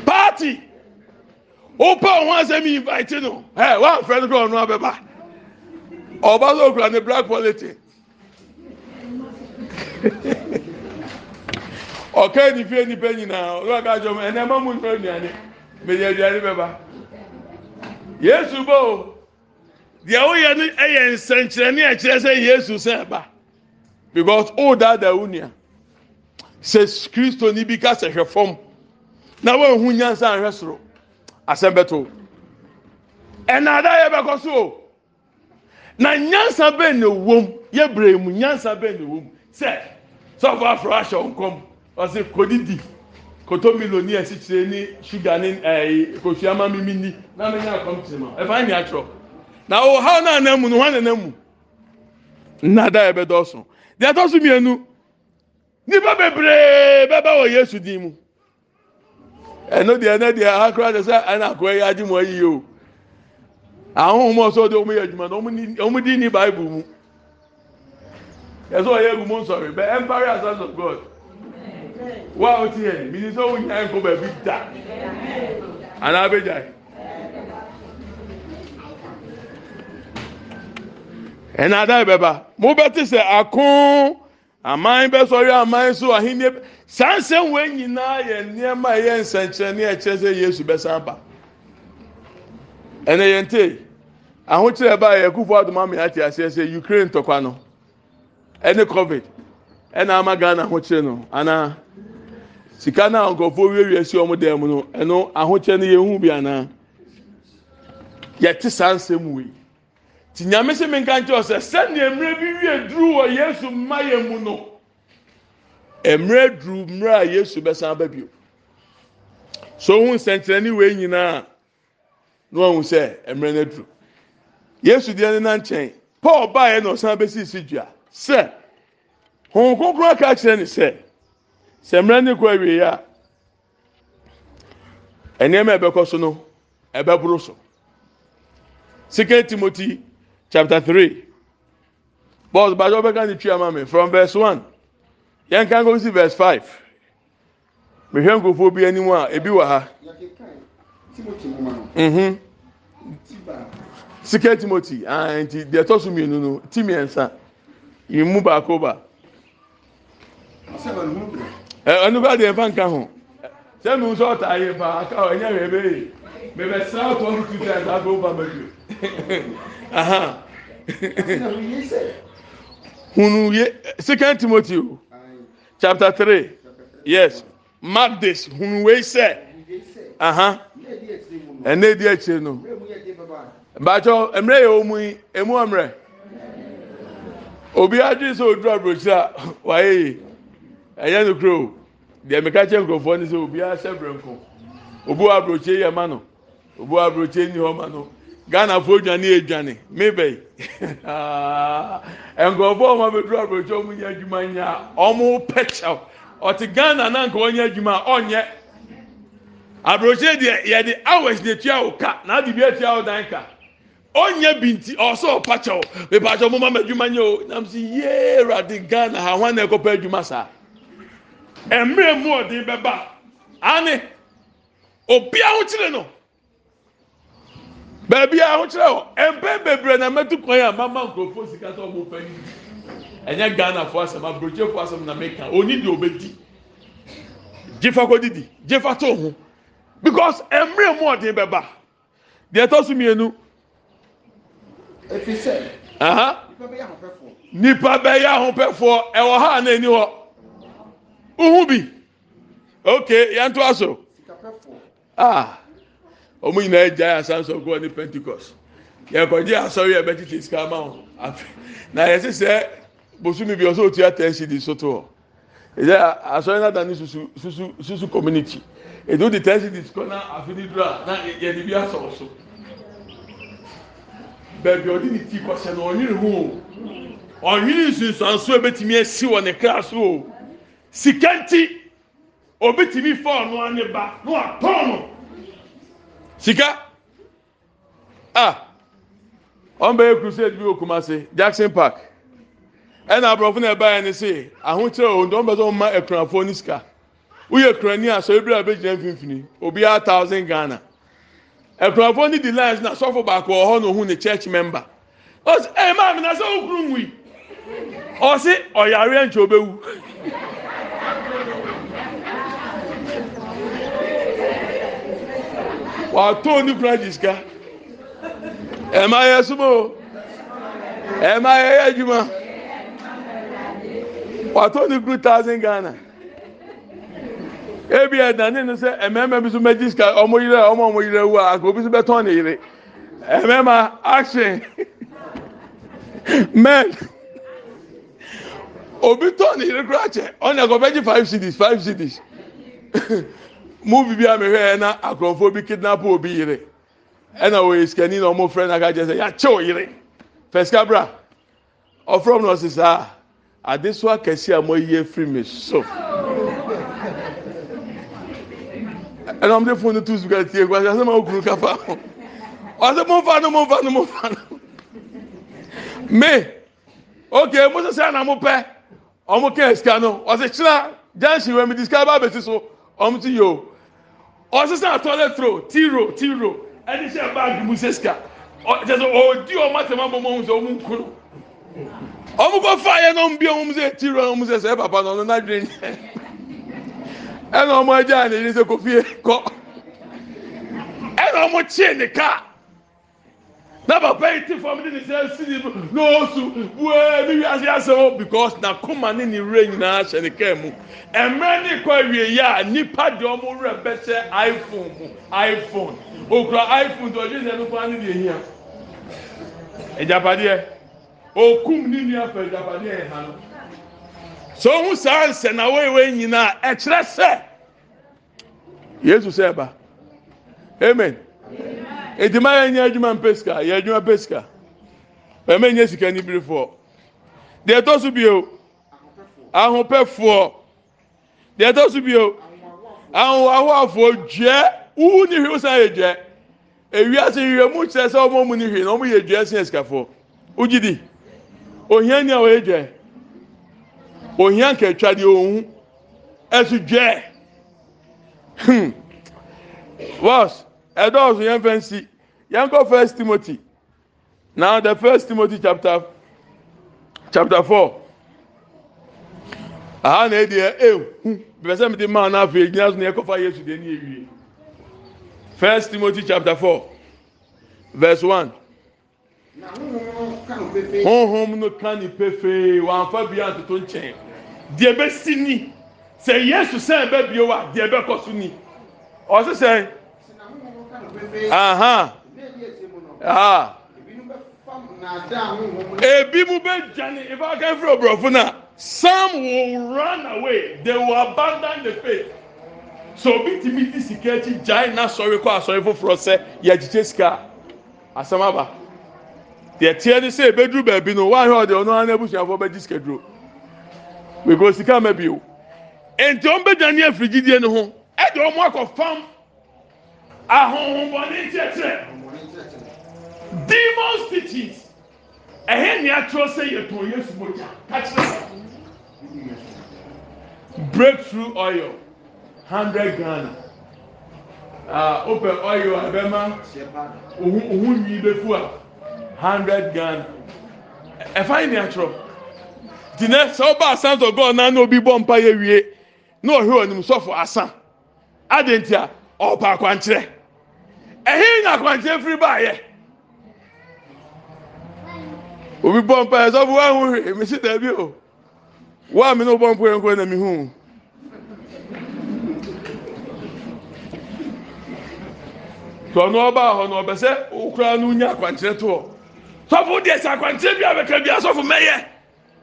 paati wopɛ wɔn ho asɛm invite no ɛ wɔn afɛ no kora ɔno abɛba ɔba so okura ne black politics ɔka ni fie nipa nyinaa ɔlọ́wọ́ ká jọ ɛnna ɛmá mu nnúró nnuane mẹyẹ aduane bẹba yesu bò ó deɛ woyɛ no yɛ nsɛnkyerɛnne a kyerɛ sɛ yesu sɛ ɛba because ó dáadáa wúnia sɛ kristoni bi ka sɛ hwɛ fam na wɔnhu nyansa nhwɛ soro asɛm bɛto ɛnaada yɛ bɛkɔ so o na nyansa bɛn na wɔm yɛ brɛ mu nyansa bɛn na wɔm sɛ sɔfo afro ahyɛ nkɔm ɔsɛ kodidi koto miloni ɛsikyire ni suga ne eh, ɛɛ kosuama mimi ni na mɛ nyɛ akɔm kyerɛ ma ɛfan e ni atwerɛ na ɔwɔ ha na anan mu no ha na anan mu nnaada yɛ bɛ dɔɔso deɛ ɛtɔ so mmienu. nnipa bebree bɛba wɔ yesu deɛ deɛ akora de sɛ ɛna akora yi ayi o ahohom ɔsɛ yɛ adwuma di ni baibu mu yɛsɛ ɔyɛ egu mu nsɔre bɛ empire asas of god wa o yɛ mini sɛ o nya nko baabi da ana abegya yi ɛna ada yɛ bɛba mo bɛ ti sɛ aman bɛsɔre aman so ahenni saa nsɛm wɔn nyinaa yɛ nneɛma a ɛyɛ nsɛnkyerɛnne a ɛkyerɛ sɛ yesu bɛsan ba ɛnna yɛn te ahokyerɛ ba yɛ kufu adum ami ate aseɛ sɛ ukraine tɔkwa no ɛne covid ɛna ama ghana ahokyerɛ no ana sika na nkɔfoɔ wiewia si wɔn dan mu no ɛno ahokyerɛ no yɛn hu bi ana yɛte saa nsɛm wei ti nyame sɛ menka nkyerɛ sɛ sɛnea mmerɛ bi wie duru wɔ yesu mma yɛ mu no mmerɛ duru mmerɛ a yesu bɛsan ba bio so ohun nsɛnkyerɛni wei nyinaa na wɔn sɛ mmerɛ no aduru yesu deɛ ne nan nkyɛn paul baeɛ na ɔsan bɛsi si dua sɛ wɔn kokoro aka kyerɛ ne sɛ sɛ mmerɛ ne kɔ awie a nneɛma a ɛbɛkɔ so no ɛbɛboro so sikɛ timoti chapter three bọ́ọ̀sì bàjọ́ bẹ́ẹ̀ kan ti tu ama from verse one yẹn kan kó sí verse five mehwẹ́ nkurɔfoɔ bi anim a ebi wɔ ha mm-hmm. sika timoti ah, nti deɛ ɛtɔ so mmienu no ti mmiɛnsa imu baako ba ɛnu bá deɛ nfa nka ho sɛ nu nsɔ ɔtaa yɛ paa aka ɔnyɛ hwɛ bɛyɛ mɛmɛ saa tɔn tu ta ɛna do ba mɛbi o. hunu ye second timothy o chapter three yes mark this hunu wei sɛ ɛna edi akyire no bàtɔ mmerɛ yɛ omu yi emu ɔmmerɛ obi adwi sɛ odura aburokyi a wayɛ yi ɛyɛ no kuro deɛ mɛka ni sɛ obi ahyɛ brɛnko obi wɔ aburokyi yɛ ma obu aburokye ni hɔ ma no ghana fo dwane edwane mebɛyi nkɔfoɔ ɔmo abɛduru aburokye ɔmo nyɛ adwuma nya ɔmo pɛkyɛw ɔte ghana nanka ɔnyɛ adwuma ɔnyɛ aburokye deɛ yɛde hours de tua o ka na adi bi etua o dan ka ɔnyɛ bi nti ɔsɔ ɔpakyɛw mipakyɛw mo ma ma adwuma nya o nam si yee rade ghana ha wɔn na ɛkɔpɛ adwuma saa mmerɛ mu ɔden bɛba ane obi ahokyere no. baabi a ahokyerɛ hɔ mpɛn bebree na mɛtu kwan a mama nkurɔfoɔ sika sɛ ɔmo pɛ yi ɛnyɛ ghana fo asɛm aburokye fo asɛm na mɛka oni de obedi gyefa ko didi gyefa to ho because mmerɛ mu ɔden bɛba deɛ ɛtɔ so mmienu. efi sɛ. nipa bɛyɛ ahopɛfoɔ ɛwɔ ha na ani hɔ uhu bi okay yɛn to aso ah wɔn nyinaa gya asansofoɔ ne pentikɔs yɛkɔgye asɔre yɛ bɛtete sika ama wɔn afe na yɛsi sɛ bosumi bi ɔsɛ otua ten cd so to hɔ ɛdɛ asɔre nada ne susu susu susu community edu di ten cd kɔ na afe ni dura na yɛde bi asɔ wɔ so bɛɛbi ɔde ne ti kɔsɛ na ɔnyere ho ɔnyere nsunsuanso ebetumi esi wɔ ne kra so o sika nti obetumi fɔ ɔno aniba na ɔtɔn no. sika a ɔmbɛyɛ crusade bi wɔ kumase jackson park ɛna e aborɔfo na ɛbaeɛ ne se ahokyerɛ o ntɔn bɛ sɛ ɔma akunafoɔ ne sika woyɛ kurani a sɔrɔ ebira abɛgyina mfimfini obiara thousand ghana akunafoɔ ne di lines na sɔfo baako wɔ hɔ na ohun ne church member ɔsi ɛyɛ maame na ọ okuru nwui ɔsi ɔyare nkyɛn obɛwu. wàtó ní kúrẹ́dì sika ẹ̀ máa yẹ súnmọ́ o ẹ̀ máa yẹ yẹ jùmọ̀ wàtó ní kúrú thousand ghana ebi ẹ̀dánì ni sẹ ẹ̀mẹ́mẹ́ bi sọ méjì sika ọmọ yìí rẹ ọmọ ọmọ yìí rẹ wú a àgọ́ bi sọ bẹ́ tọ́ ní yìí rẹ ẹ̀mẹ́mà action men obi tọ́ ní yìí rẹ kúrò àkyẹ ọ̀nà ẹ̀kọ́ bẹ́ẹ̀ jí five cities five cities. movie bi a mehwɛ yɛ na akorɔmfoɔ bi kidnap obi yere ɛna wɔyɛ sikani na wɔn frɛ na aka kyerɛ sɛ yakyɛ o yere fɛsika bra ɔfrɔm na ɔsi saa adesoa kɛse a wɔayi afiri mi so ɛna wɔn de fone tu su ka tie kwa asɛm a okuru kafa ho mo nfa no mo nfa no mo nfa no me okay mo sɛ sɛ na mo pɛ ɔmo kɛ sika no ɔsi kyerɛ junction wɛ mi di sika ba bɛ so ɔmo ti yɛ ɔsesa toilet roll tea roll tea roll ɛde hyɛ baagi mu sɛ sika ɔkyɛ sɛ ɔdi ɔmo atɛmɛ abɔ ɔmo sɛ ɔmo nko no ɔmo kɔ fa yɛ na bi ɔmo sɛ tea roll ɔmo sɛ sɛ papa na ɔno n'adwene nyɛ ɛna ɔmo agya ne yiri sɛ kofie kɔ ɛna ɔmo kyee ne kaa na papa yi ti fam de ne nsa si ne mu na osu wee ne wi ase because na kuma ne ne wura nyinaa hyɛ ne kaa mu mmerɛ ne kɔ awie yi a nipa de ɔmo wura bɛhyɛ iphone mu iphone okra iphone de ɔgye nsa no kwan ne deɛ hia agyapadeɛ okum ne nua fɛ agyapadeɛ yɛ e ha no so ohun saa nsɛnawɔyewa nyinaa ɛkyerɛ e sɛ yesu sɛ ɛba amen edima yɛn nyɛ adwuma mpɛ sika yɛ adwuma pɛ sika bɛmɛ nyɛ sika nibirifoɔ deɛ ɛtɔ so bio ahopɛfoɔ deɛ ɛtɔ so bio ahohoafoɔ dwɛ wuhu ni hwi san yɛ dwɛ ewia se hwi emu kyerɛ sɛ ɔmo mu ni hwi na ɔmo yɛ dwɛ sɛ sikafoɔ wogyi di ohia ni a wɔyɛ dwɛ ohia nkɛtwa deɛ ohun ɛso dwɛ hmm wɔs ɛdɔɔso yɛn fɛn si yɛn kɔ first timothy now the first timothy chapter chapter four aha na ediɛ ehu hm, bɛsɛ mi di maa n'afɔ egyina so na yɛ kɔfa yesu deɛ ni ewie first timothy chapter four verse one honhom no ka ne pefee wàmfa bia ntoto nkyɛn deɛ bɛsi ni sɛ yesu sɛn bɛ bio wa deɛ bɛ kɔ so ni ɔsesɛn ebi mu bɛ jani if i can feel obrofo na some will run away they will abandon the faith so obi ti mi di sika ekyi gyae na sɔre kɔ asɔre foforɔ sɛ yɛgyigye sika asɛm aba deɛ teɛ ne sɛ ebeduru baabi no wahwɛ ɔde ɔno ara n'abusuafoɔ bɛgye sika duro because sika ma bi o nti wɔn bɛ gya ne afiri gyidie ne ho ɛde wɔn akɔ fam ahohombɔne nkyɛkyerɛ demon stitches ɛhɛ ni atwerɛ sɛ yɛtɔn yesu mogya kakyerɛ breakthrough oil hundred ghana uh, oil a ɛbɛma ohun ohun nwi bɛfu a hundred ghana ɛfa ni atwerɛ dina sɛ ɔba asan tɔ gɔɔ nan na obi bɔ mpa yɛ wie na ɔhwɛ wɔn sɔfo asan adantia ɔɔpa akwankyerɛ ɛhe na akwankyɛ firi baayɛ obi bɔ mpa yɛ sɔfo wɔn ahu hwɛ mesi dɛbi o wɔn mi na ɔbɔ mpa yɛ nkɔ na mi hu tɔnɔ ɔbaa hɔ na ɔbɛ sɛ okura no nya akwankyerɛ toɔ sɔfo deɛ sɛ akwankyerɛ bi a bɛka bi asɔfo mɛyɛ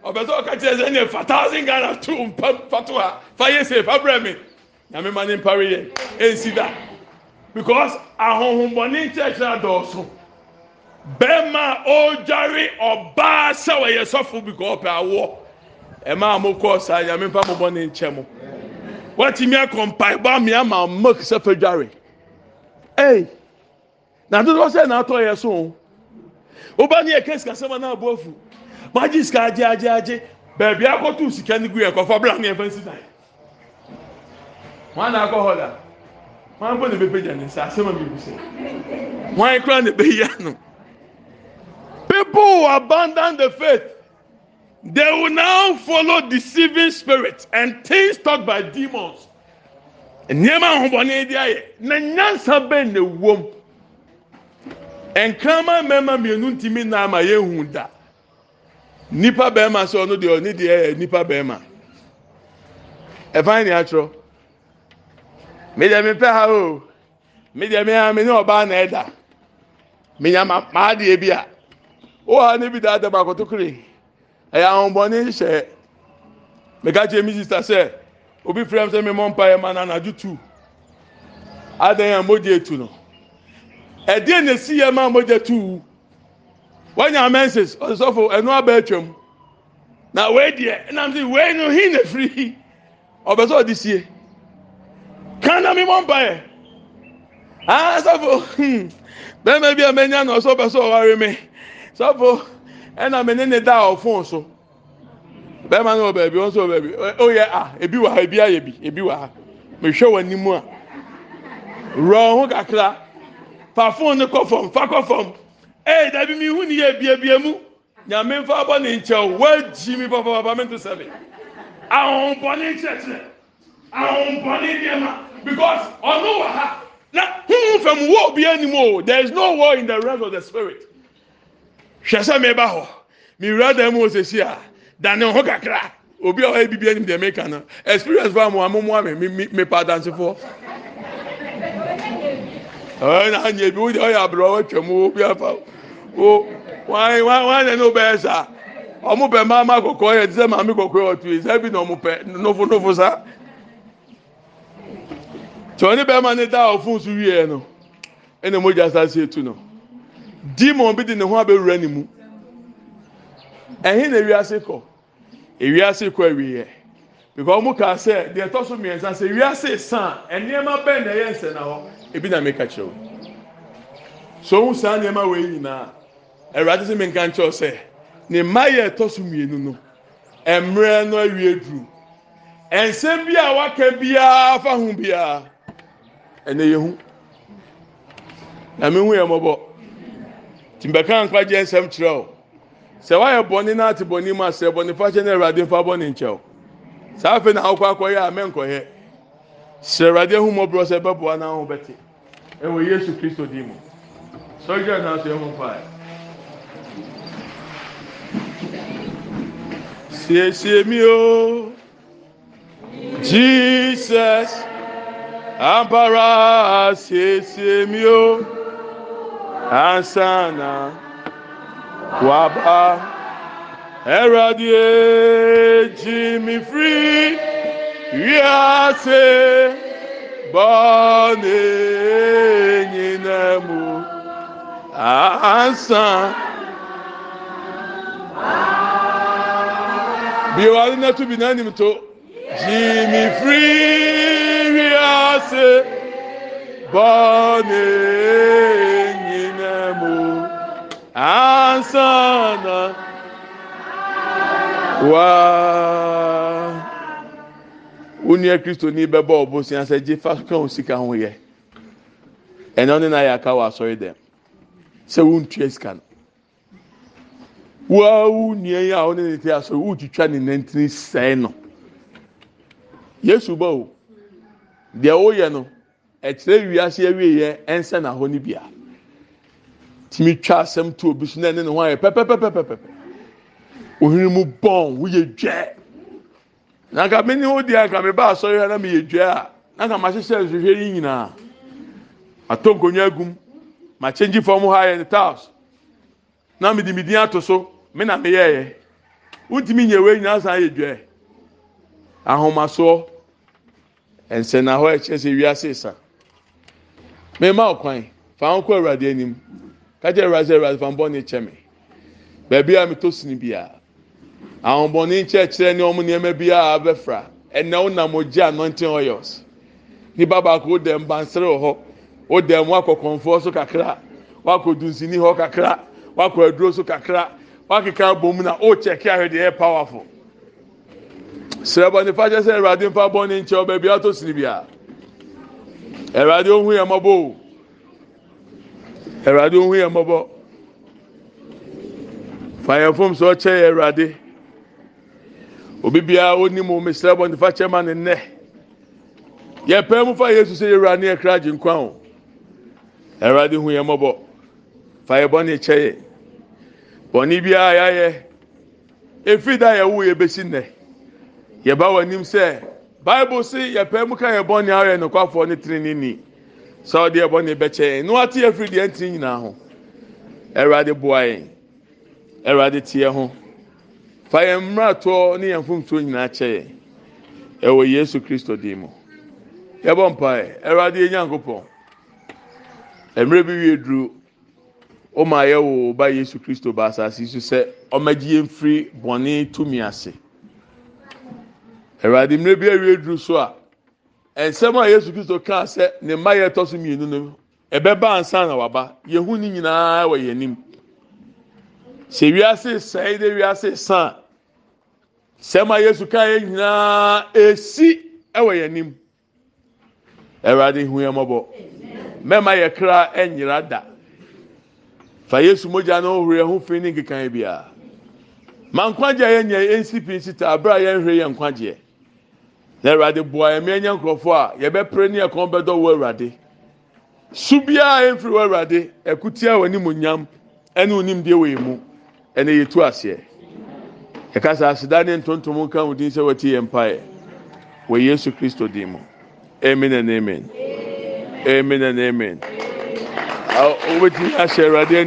ɔbɛ sɛ ɔka kyerɛ sɛ ɛnyɛ fa thousand ghana to mpa fa to ha fa yɛ sɛ fa brɛ mi nyame ma ne mpa reyɛ ɛnsi da. because ahụhụmọni nkyerɛkyerɛ adɔɔso bɛrima ɔredware ɔbaa sɛ ɔyɛ sɔfo because ɔpɛ awoɔ ɛmaa mo kɔɔ saa nyame mpa mo bɔ ne nkyɛn mo wɔtumi akɔ mpaebɔ ami ama milk sɛ fɛ dware ɛy na dodoɔ sɛ na atɔ yɛ so ɔba na abo afu sika agye agye agye sika ne gu yɛ kɔfɔ na akɔ hɔ wọn bɔ ne bɛ bɛgya ne nsa asɛm a mi bu sɛ wọn kura ne bɛ ya no people abandon the faith they will now follow deceiving spirits and things taught by demons nneɛma ahobɔne di ayɛ na nyansa bɛn na ewom nkraman mmarima mmienu ntumi nan yɛ hu da nipa bɛrima sɛ ɔno deɛ ɔne deɛ ɛyɛ nipa bɛrima ɛfan ni atwerɛ me deɛ mepɛ ha o me deɛ me ha me ne ɔbaa na ɛda me nya ma maa deɛ bi a o ha ne bi da adam akotokere ɛyɛ ahombɔne hyɛ meka kyerɛ mi sista sɛ obi fira mi sɛ mi mɔ mpa yɛ ma na anadu tu adan yɛ mo deɛ tu no ɛdeɛ na esi yɛ ma mo deɛ tu wɔnyɛ amensis ɔsɔfo ɛnu abɛ atwam na wei deɛ ɛnam sɛ wei no hin na firi ɔbɛ sɛ ɔde sie ka na mmemmọ mbaeɛ Ah, sɔfo hmm bɛrima bi a mɛnya na ɔsɔ pɛ sɛ ɔware me sɔfo ɛna me ne ne da ɔfon so bɛrima no wɔ baabi wɔn nso wɔ baabi ɔyɛ a ebi wɔ ha ebi ayɛ bi ebi wɔ ha mehwɛ wɔn anim a wura ho kakra fa fon no kɔ fam fa kɔ fam ɛyɛ dabi mi hu ni yɛ ebiebie mu nyame nfa bɔ ne nkyɛn wɔagyi mi pɔpɔpɔpɔ mi to sɛbi ahombɔni kyerɛkyerɛ ahombɔni nneɛma. en e meah eiaa tí wọn ní bẹẹ máa ní dá ọfún sùn wíyẹ no ẹnna mo jà sáà tu no dímọ̀ bi di ne ho abẹ́wura ne mu ẹ̀hin na ewiase kọ ewiase kọ ewiyẹ because ọmụ ka sị deɛ ɛtɔ so mmiɛnsa sị ewiase san nneɛma bɛn na ɛyɛ nsɛn na hɔ ebi na mmeka kyerɛw so ohun saa nneɛma wee nyinaa ɛwurade sị mmeka nkyɛw sị ne mma yɛ ɛtɔ so mmienu no mmerɛ no awie duru nsɛm bi a waka biara fa ho biara. ɛnɛ yɛhu na mehu yɛ mɔbɔ tìmbɛka nkwagye nsɛm kyerɛ o sɛ wayɛ bɔne na ate bɔne mu asɛ bɔne fa kyɛ na awurade fa bɔne nkyɛw saa afei na akɔkɔ akɔyɛ a mɛnkɔyɛ sɛ awurade ehu mɔborɔ sɛ bɛboa na ho bɛte ɛwɔ yesu kristo di mu sɔgyɛ na so ɛho mpa siesie mi o jesus. ampara sesiemio ansa na waba ɛradɩe jimifri wiase bɔne nyina mu aansan biowalɩnatubi nanim to jimifri ase bɔ ne nyina mu ansana waa wonua e kristoni bɛbɔ ɔbosia sɛ gye fa kan o sika ho yɛ ɛnna ɔne na yɛ aka wɔ asɔre dɛm sɛ wontua sika no waa wo nua yi a ɔne ne ti asɔre wotwitwa ne nantin sɛɛ no yesu bɔ o. deɛ woyɛ no ɛkyerɛ wiase awie yɛ ɛnsɛ na hɔ ni bia tìmi twa asɛm tu obi so na pepe ne ho ayɛ pɛpɛpɛpɛpɛ ohun mu bɔn woyɛ dwɛ nanka mi ni ho di mi ba asɔre ha na mi yɛ dwɛ a nanka ma hyehyɛ nhwehwɛ yi nyinaa ato nkonnwa egum ma kyɛngyi fam ha yɛ ne na mi di so mi na mi yɛ yɛ nyɛ wei nyinaa san ɛnsɛn na hɔ ɛkyerɛ sɛ wiase sa mɛma ɔkwan fa ho kɔ awurade anim kakyɛ awurade sɛ awurade fa mbɔ ne kyɛ me baabi a metɔ sini bia ahombɔne nkyerɛkyerɛ ne ɔmo nneɛma bi a abɛfra ɛnna ɔnam ogye anointing oils nipa baako ɔdɛm bansere wɔ hɔ ɔdɛm wakɔ kɔnfoɔ so kakra wakɔ dunsini hɔ kakra wakɔ aduro so kakra wakeka abom na ɔɔkyɛ kí ahwɛ deɛ ɛyɛ powerful. srɛ bɔnifa kyɛ sɛ awurade mfa bɔ ne nkyɛw baabi ato sini bia awurade ohun yɛ mɔbɔ o awurade ohun yɛ mɔbɔ fàyẹ̀ fún mi sọ ọ́kyẹ́ yẹ ẹ̀rọ̀adé obi biara ó ní mu mesrẹ́ bọ́ nífa kyẹ́ ma ne yẹ pẹ́ mu fa yéésù sẹ́ ẹ̀rọ ani ẹ̀kra gye nkwa o ẹ̀rọ̀adé hu yẹn mọ́bọ̀ fàyẹ̀ bọ́ ní kyẹ́ yẹ bọ́ni biara yà yẹ efi da yẹ wú yẹ bẹ́sí nnẹ́ yɛba wɔ anim sɛ bible si yɛpɛ mu ka yɛ bɔ ne ayɛ nokwafoɔ ne tirinni ni sɛ ɔde yɛ bɔ ne bɛkyɛ yɛn no ate afiri deɛ ntiri nyinaa ho ɛwurade boa yɛn ɛwurade teɛ ho fa yɛn mmaratoɔ ne yɛn mfomsoɔ nyinaa kyɛ yɛn ɛwɔ yesu kristo dim mu yɛbɔ mpae ɛwurade yɛn nyankopɔn mmerɛ bi wie duro ɔmaa yɛ wɔ ba yesu kristo ba asase so sɛ ɔmɛgye yɛn firi bɔnne tumi ase. awurade mmiri bi awie duru so a nsɛm a yesu kristo kaa sɛ ne mma yɛ ɛtɔ so mmienu no ɛbɛba ansa na waba yehu ne nyinaa wɔ yɛn anim sɛ wiase sɛe de wiase san sɛm a yesu kaa yɛ nyinaa esi ɛwɔ yɛn anim awurade hu yɛn mɔbɔ mɛma yɛ kra ɛnyira da fa yesu mogya no ohuri ɛho fi ne nkekan biara ma nkwagye a yɛn nyɛ nsi pii nsi ta abira yɛn hwɛ yɛn nkwagyeɛ. naawurade boa ɛ me anya nkurɔfoɔ a yɛbɛpere ne ɛkon bɛdɔ wɔ awurade so biara ɛmfiri wɔ awurade akuti a w'animonyam ɛne wo nimdeɛ wɔ yɛ mu ɛne yɛtu aseɛ ɛkasa aseda ne ntontomo nka wodini sɛ woati yɛ mpaeɛ wɔ yesu kristo din mu amennmen mennmenwobɛtiahyɛ awurade ɛne